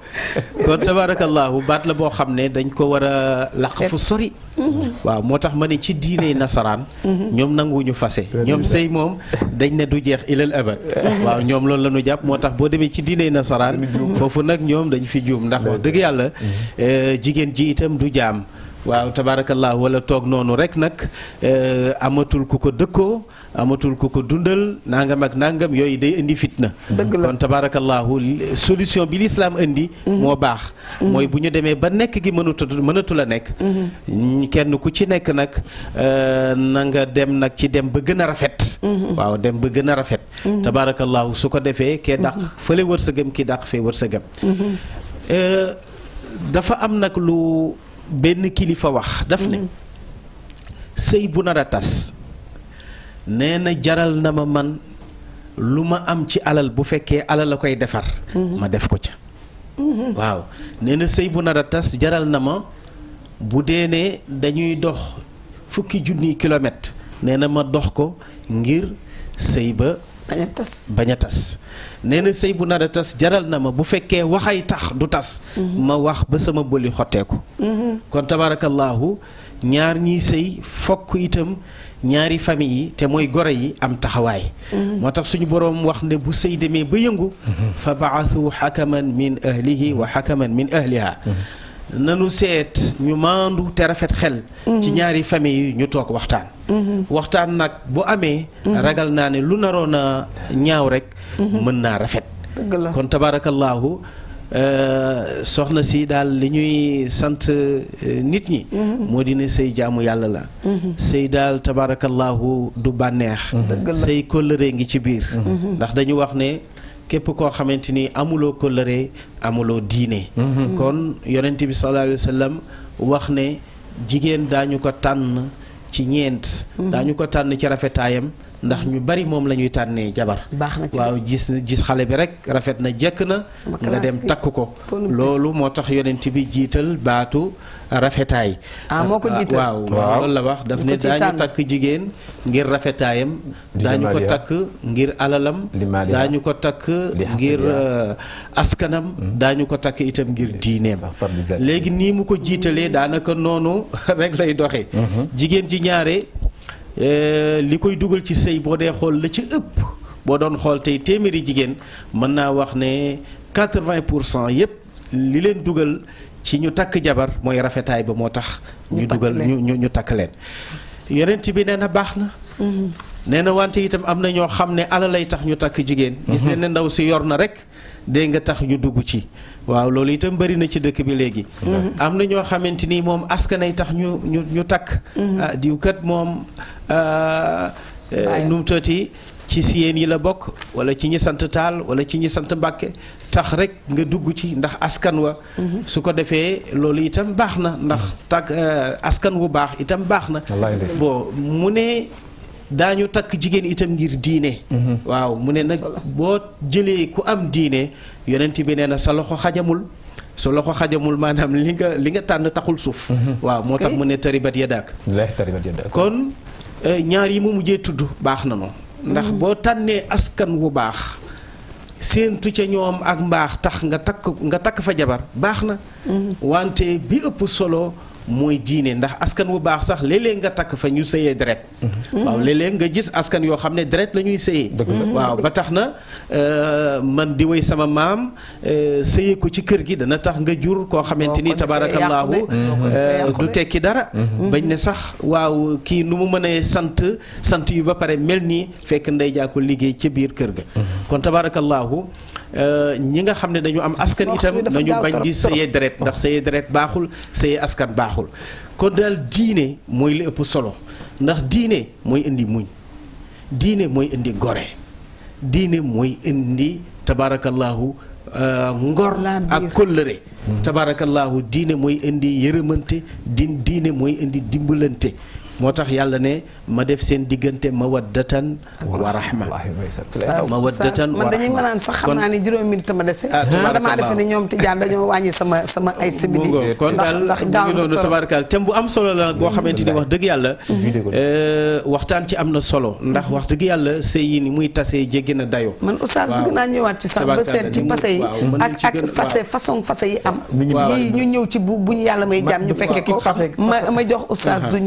kon tabaarakallaahu baat la bo xamné dañ ko wara a làq sori mm-hmm. waaw motax mané ci diine nasaraan mm-hmm. ñoom nanguwuñu fase ñoom sëy mom, dañ né du jeex ilal abad waaw ñom loolu lañu japp motax bo démé ci diine nasaran. nasaraan foofu nag ñoom dañu fi juum ndax dëgg yàlla mm-hmm. eh, jigéen ji itam du jaam waaw tabaarakallah wala toog noonu rek nag eh, amatul ku ko dëkkoo amatul ku ko dundal nangam ak nangam yooyu day indi fitna. dëgg la kon tabaarakallahu solution bi lislaam indi. Mhm. moo baax. Mhm. mooy bu ñu demee ba nekk gi mënatu mënatu la nekk. Mhm. kenn ku ci nekk nag eh, na nga dem nag ci dem ba gën a rafet. waaw dem ba gën a rafet. tabaarakallahu su ko defee kee dàq fële wërsëgam ki dàq fee wërsëgam. Eh, dafa am nag lu. benn kilifa wax daf ne mm-hmm. sëy bu nar nee na jaral na ma man lu ma am ci alal bu fekkee alal la koy defar mm-hmm. ma def ko ca mm-hmm. waaw nee na sëy bu nar a tas jaral na ma bu dee ne dañuy dox fukki junniy kilomètre nee na ma dox ko ngir sëy ba bañ tas bañ a tas nee na sëy bu nar tas jaral na ma bu fekkee waxay tax du tas. Mhm. ma wax ba sama bëli xotteeku. Mhm. kon tabaarakallaahu ñaar ñiy sëy fokk itam ñaari famille yi te mooy goro yi am taxawaay. Mhm. moo tax suñu boroom wax ne bu sëy demee ba yëngu. fa baathu xakaman min ahlihi wa xakaman min ahliha nanu seet ñu maandu te rafet xel. ci mhm. ñaari famille yi ñu toog waxtaan. Mhm. waxtaan nag bu amee. Mhm. ragal naa ne lu naroon a ñaaw rek. mën naa rafet. dëgg la kon tabaarakallaahu euh, soxna si daal li ñuy sant euh, nit ñi. moo di ne sëy jaamu yàlla la. sëy daal tabaarakallaahu du bànneex. dëgg sëy kóllëre ngi ci biir. ndax dañu wax ne. képp koo xamante ni amuloo kóllëre amuloo diine mm-hmm. kon yonent bi sallallahu wax ne jigéen daañu ko tànn ci ñeent mm-hmm. dañu ko tànn ci rafetaayam ndax ñu bari moom la ñuy tànnee jabar baax na waaw gis gis xale bi rek rafet na jekk na nga dem takk ko loolu moo tax yonent bi jiital baatu rafetaay ah moo ko jiital ah, waaw loolu la wax daf ne daañu takk jigéen ngir rafetaayam daañu ko takk ngir alalam daañu ko takk ngir askanam hmm. daañu ko takk itam ngir diineem léegi nii mu ko jiitalee daanaka noonu rek lay doxe hmm. jigéen ji ñaare Eh, li koy dugal ci sëy boo dee xool la ci ëpp boo doon xool tey téeméeri jigéen mën naa wax ne 80 pour cent yépp li leen dugal ci ñu takk jabar mooy rafetaay ba moo tax. ñu dugal ñu ñu ñu takk leen. yonent bi nee na baax na. Mm-hmm. nee na wante itam am na ñoo xam ne ala lay tax ñu takk jigéen. gis mm-hmm. leen ne ndaw si yor na rek dee nga tax ñu dugg ci. waaw loolu itam bëri na ci dëkk bi léegi. Mm-hmm. am na ñoo xamante ni moom askan askanay tax ñu ñu ñu takk. Mm-hmm. ah kat moom ah, eh, nu mu tëti ci siyeen yi la bokk wala ci ñi sant taal wala ci ñi sant mbàkke tax rek nga dugg ci ndax askan wa mm-hmm. su ko defee loolu itam baax na ndax tag eh, askan wu baax itam baax na bon mu ne daañu takk jigéen itam ngir diine mhm. waaw mu ne nag boo jëlee ku am diine yonent bi nee na sa loxo xajamul su loxo xajamul maanaam li nga li nga tànn taxul suuf mhm. waaw moo tax mu ne taribat yadaak kon eh, ñaar yi mu mujjee tudd baax na noo ndax mhm. boo tànnee askan wu baax séentu ca ñoom ak mbaax tax nga takk nga takk fa jabar baax na wante bi ëpp solo mooy diine ndax askan wu baax sax léeg-léeg nga takk fa ñu sëyee deret mhm. waaw léeg-léeg nga gis askan yoo xam ne deret la ñuy sëyee waaw ba tax na euh, man di way sama maam euh, sëyee ko ci kër gi dana tax nga jur koo xamante ni tabaarakallaahu euh, du tekki dara mhm. bañ ne sax waaw kii nu mu mën a sant sant yu ba pare mel nii fekk ndey jaa liggéey ca biir kër ga mhm. kon tabaarakallaahu Euh, ñi nga xam ne dañu am askan itam nañu bañ di sëyee deret ndax sëyee deret baaxul sëyee askan baaxul kon daal diine mooy li ëpp solo ndax diine mooy indi muñ diine mooy indi gore diine mooy indi tabaarakallahu euh, ngor ak kóllëre mm-hmm. tabaarakallahu diine mooy indi yërëmante di diine mooy indi dimbalante moo tax yàlla ne ma def seen diggante ma wa rahma mawaddatan man dañuy ma naan sax xam naa ne juróomi minute ma dese man ah, damaa defe ne ñoom tijaan dañoo wàññi sama sama ay simili kon daal mu ngi noonu tabarkaal thème bu am solo la boo xamante ni wax dëgg yàlla euh, waxtaan ci am na solo ndax wax dëgg yàlla sëy yi ni muy tasee jéggi na dayo man oustaz bëgg naa ñëwaat ci sax ba seet ci fase yi ak ak fase façon fase yi am yi ñu ñëw ci bu yàlla may jàmm ñu fekke ko ma ma jox oustaz du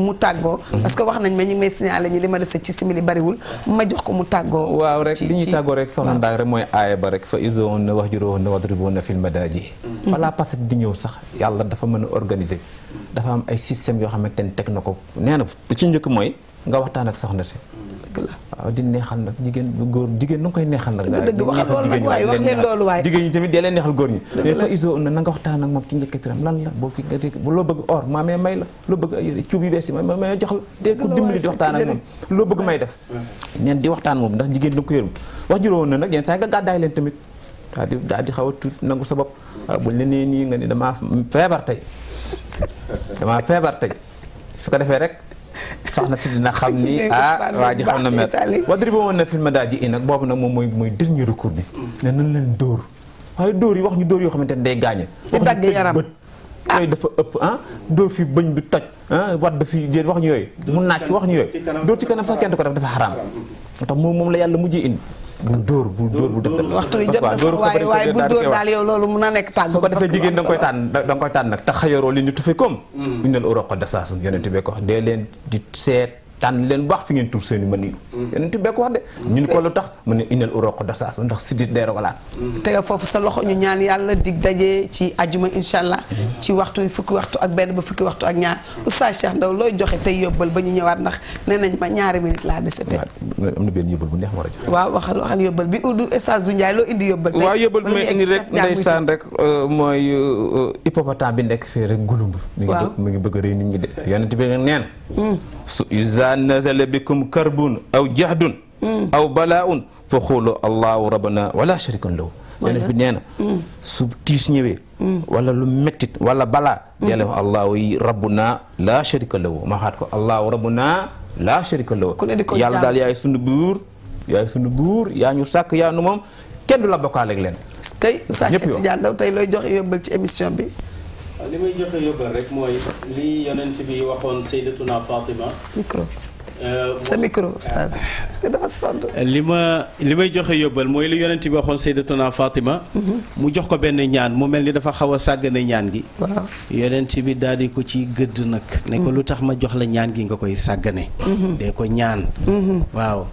mu tàggoo mhm. parce que wax nañ ma ñu may signalé ñi li ma dese ci simili bariwul ma jox ko mu tàggoo waaw rek li ñuy tàggoo rek soxna ndaag rek mooy aaya ba rek fa isoon ne wax juróon na wadriboon na fil madaji wala mhm. parce que di ñëw sax yàlla dafa mën a organiser dafa am ay système yoo xamante ne teg na ko nee na ci njëkk mooy nga waxtaan ak soxna si dëgg la waaw di neexal nag jigéen góor jigéen nu nga koy neexal nag dëgg wax loolu nag waaye wax leen loolu waaye jigéen ñi tamit dee leen neexal góor ñi mais fa iso na na nga waxtaan ak moom ci loo bëgg or maa mee may la loo bëgg ay bees yi ma ma jox la dee ko di waxtaan ak moom ndax jigéen da nga ko yërëm wax juróom na nag yenn saa nga gàddaay leen tamit daal di xaw a tuut nangu sa bopp ah, buñ la nee nii nga ni damaa feebar tey damaa feebar tey su ko defee rek na si dina xam ni ah waa ji xam na mer wadri ba woon na film daal ji in boobu nag moom mooy mooy dernier recours bi ne nan leen dóor waaye dóor yi wax ñu dóor yoo xamante ne day gaañe di dagg yaram ah. yooyu dafa ëpp ah dóor fi bëñ bi toj ah. wadd fi jël wax ñu yooyu mu naaj wax ñu yooyu dóor ci kanam sax kenn du ko def dafa xaraam moo moom la yàlla mujjee indi bul dóor bu dóor bu def waxtu wi jot na sax waaye daal yow loolu mën na nekk tàgg su ko defee jigéen da ko koy tànn da nga koy tànn nag taxayoroo li ñu tufe comme bu mm. ñu leen uroqo da saasum yonente bee ko wax dee leen di seet tan len wax fi ngeen tour seen mani mën yu mm. yonent bee ko wax de mm. ñun ko lu tax mu ne inal uroq dasas ndax sidit day rogalaan mm. tega fofu sa loxo ñu ñaan yalla dig dajé ci aljuma inshallah ci waxtu fukki waxtu ak benn ba fukki waxtu ak ñaar oustad Cheikh Ndaw loy joxe tey yobbal ba ñu ñëwaat ndax nenañ ba ñaari minute la dese tey amna na benn yóbbal bu neex mo ra a jox waaw waxal waxal yobbal bi oustad zou Ndiaye lo indi yobbal tey waaw yóbbal may indi rek ndaysan rek euh, moy euh, hippopotame bi nek fi rek gulumbu mi ngi bëgg reñ nit ñi de yonent bi neen إذا نزل بكم كرب أو جهد أو بلاء فقولوا الله ربنا ولا شريك له يعني في النهاية سبتيش نيوي ولا لمتت ولا بلا يعني الله ربنا لا شريك له ما خاطكو الله ربنا لا شريك له يالا دال ياي سوند بور ياي سوند بور يا ñu sak ya ñu mom kenn du la bokal ak len tay sa ci tidiane tay loy jox yobul li may joxe yóbbal rek mooy li yonent bi waxoon Seydatuna Fatima. micro euh, sa micro sa dafa sonn. li ma li may joxe yóbbal mooy li yonent bi waxoon Seydatuna Fatima. Mhm. mu jox ko benn ñaan mu mel ni dafa xaw a sàggane ñaan gi. waaw yonent bi daal di ko ci gëdd nag. ne ko mhm. lu tax ma jox la ñaan gi nga koy sàggane. Mhm. dee ko ñaan. waaw.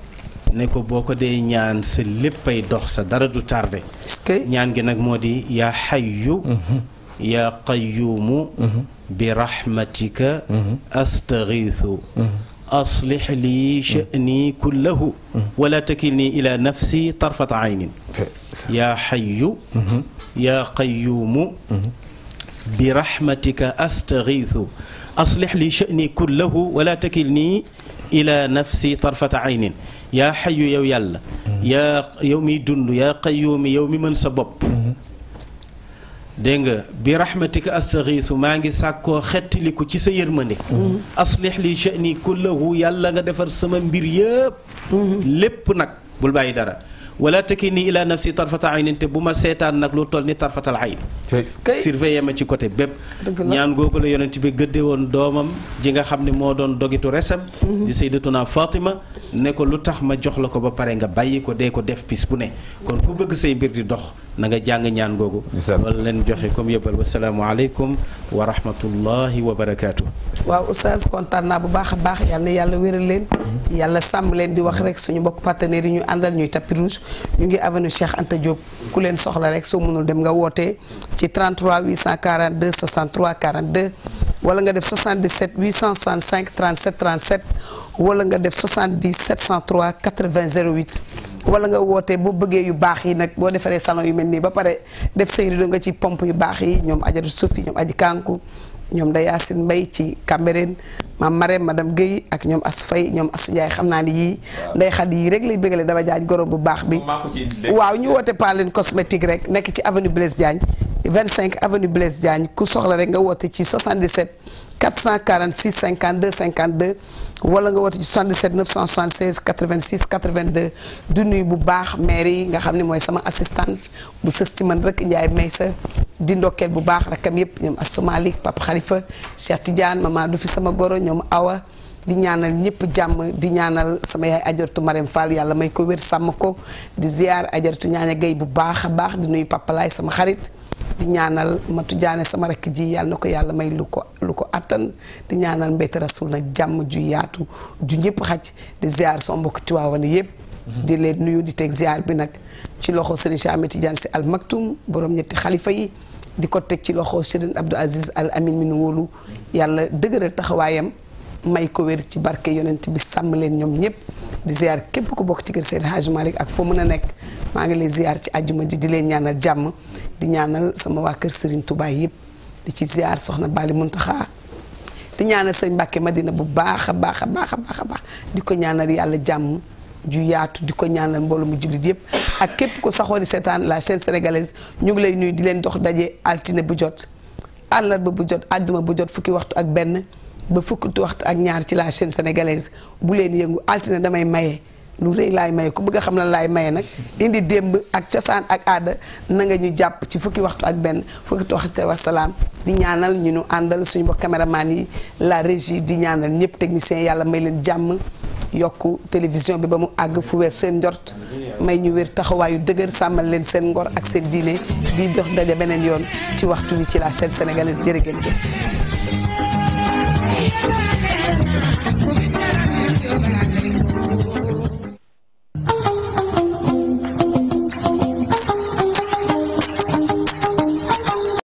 ne ko boo ko dee ñaan sa léppay dox sa dara du tardé. ñaan gi nag moo di yaa xayyu يا قيوم برحمتك أستغيث أصلح لي شأني كله ولا تكلني إلى نفسي طرفة عين يا حي يا قيوم برحمتك أستغيث أصلح لي شأني كله ولا تكلني إلى نفسي طرفة عين يا حي يا يلا يا يومي دن يا قيوم يومي من سبب dégg nga bi rahmatika astaxiisu maa ngi sàkkoo xettiliku ci sa yërmande mm-hmm. aslix li sha'ni kullahu yàlla nga defar sama mbir yëpp mm-hmm. lépp nag bul bàyyi dara wala ni illaa nafsi tarfata aynin te bu ma seetaan nag lu toll ni tarfatal ayn surveillé ma ci côté bépp ñaan googu la yonent bi gëdde woon doomam ji nga xam ne moo doon dogitu resam mm-hmm. di sayyidatuna Fatima ne ko lu tax ma jox la ko ba pare nga bàyyi ko dee ko def pis bu ne kon ku bëgg say mbir di dox na nga jàng ñaan googu wala leen joxe comme yëbal wasalaamualeykum wa rahmatullahi wa barakaatu waaw oustaz kontaan naa bu baax a baax yal yàlla wéral leen mm-hmm. yàlla sàmm leen di wax rek suñu mbokk partenaire yi ñu àndal ñuy tapis rouge ñu ngi avenue Cheikh Anta Diop ku leen soxla rek soo mënul dem nga wootee ci 33 842 63 42 wala nga def 77 865 37 wala nga def 70 703 80 08 wala nga woté bo bëggé yu bax yi nak bo defaree salon yu melni ba paré def say rido nga ci pompe yu bax yi ñom Adjaratou Sophie ñom Adji Kankou ñom da Yacine Mbaye ci Cambérène maam Marème madame Guèye ak ñom asfay ñom ñoom xamna ni yi nday xat yii rek lay bégale dama jaaj gorom bu bax bi waaw ñu woté Paline cosmétique rek nekk ci avenue Blaise Diagne 25 avenue Blaise Diagne ku soxla rek nga woté ci 77 446 52 52 wala nga woote ci 77 976 86 82 du nuyu bu baax maire yi nga xam ne mooy sama assistante bu sës ci man rek Ndiaye Maysa di ndokkeel bu baax rakam yëpp ñoom Assoumalik Papa xalifa Cheikh Tidiane maman du fi sama goro ñoom Awa di ñaanal ñëpp jàmm di ñaanal sama yaay ajartu Marème Fall yàlla may ko wér sàmm ko di ziar ajartu ñaan a gay bu baax a baax di nuyu Papa sama xarit. di ñaanal matu jaane sama rakk ji yàlla na ko yàlla may lu ko lu ko attan di ñaanal mbéyte rasul nag jàmm ju yaatu ju ñëpp xaj di ziar sama mbokk Tiwaawan yëpp. Mhm. di leen nuyu di teg ziar bi nag ci loxo Serigne Cheikh Ahmed Tidiane Sy Al Maktoum borom ñetti xalifa yi. di ko teg ci loxo Serigne Abdou Aziz Al Amin mi nu wóolu yàlla dëgëral taxawaayam may ko wér ci barke yonent bi sàmm leen ñoom ñëpp. di ziar képp ku bokk ci kër Seydi Hadji ak foo mën a nekk maa ngi lay ziar ci àjjuma ji di leen ñaanal jàmm. di ñaanal sama waa kër Serigne Touba yëpp di ci ziar soxna Bali Muntaxa di ñaanal sëñ Mbàkke Madina bu baax a baax a baax a baax di ko ñaanal yàlla jàmm ju yaatu di ko ñaanal mboolu mu jullit yëpp ak képp ko saxoori seetaan la chaîne sénégalaise ñu ngi lay nuyu di leen dox daje altine bu jot àllarba bu jot àjjuma bu jot fukki waxtu ak benn ba fukki waxtu ak ñaar ci la chaîne sénégalaise bu leen yëngu altine damay maye lu rëy laay maye ku bëgg xam la laay maye nag indi démb ak cosaan ak aada na nga ñu jàpp ci fukki waxtu ak benn fukki waxtu wa salaam di ñaanal ñu nu àndal suñu mbokk caméraman yi la régie di ñaanal ñëpp technicien yàlla may leen jàmm yokk télévision bi ba mu àgg fu wees seen njort may ñu wér taxawaayu dëgër sàmmal leen seen ngor ak seen diine di jox daje beneen yoon ci waxtu wi ci la seen sénégalaise jërë ngeen jëf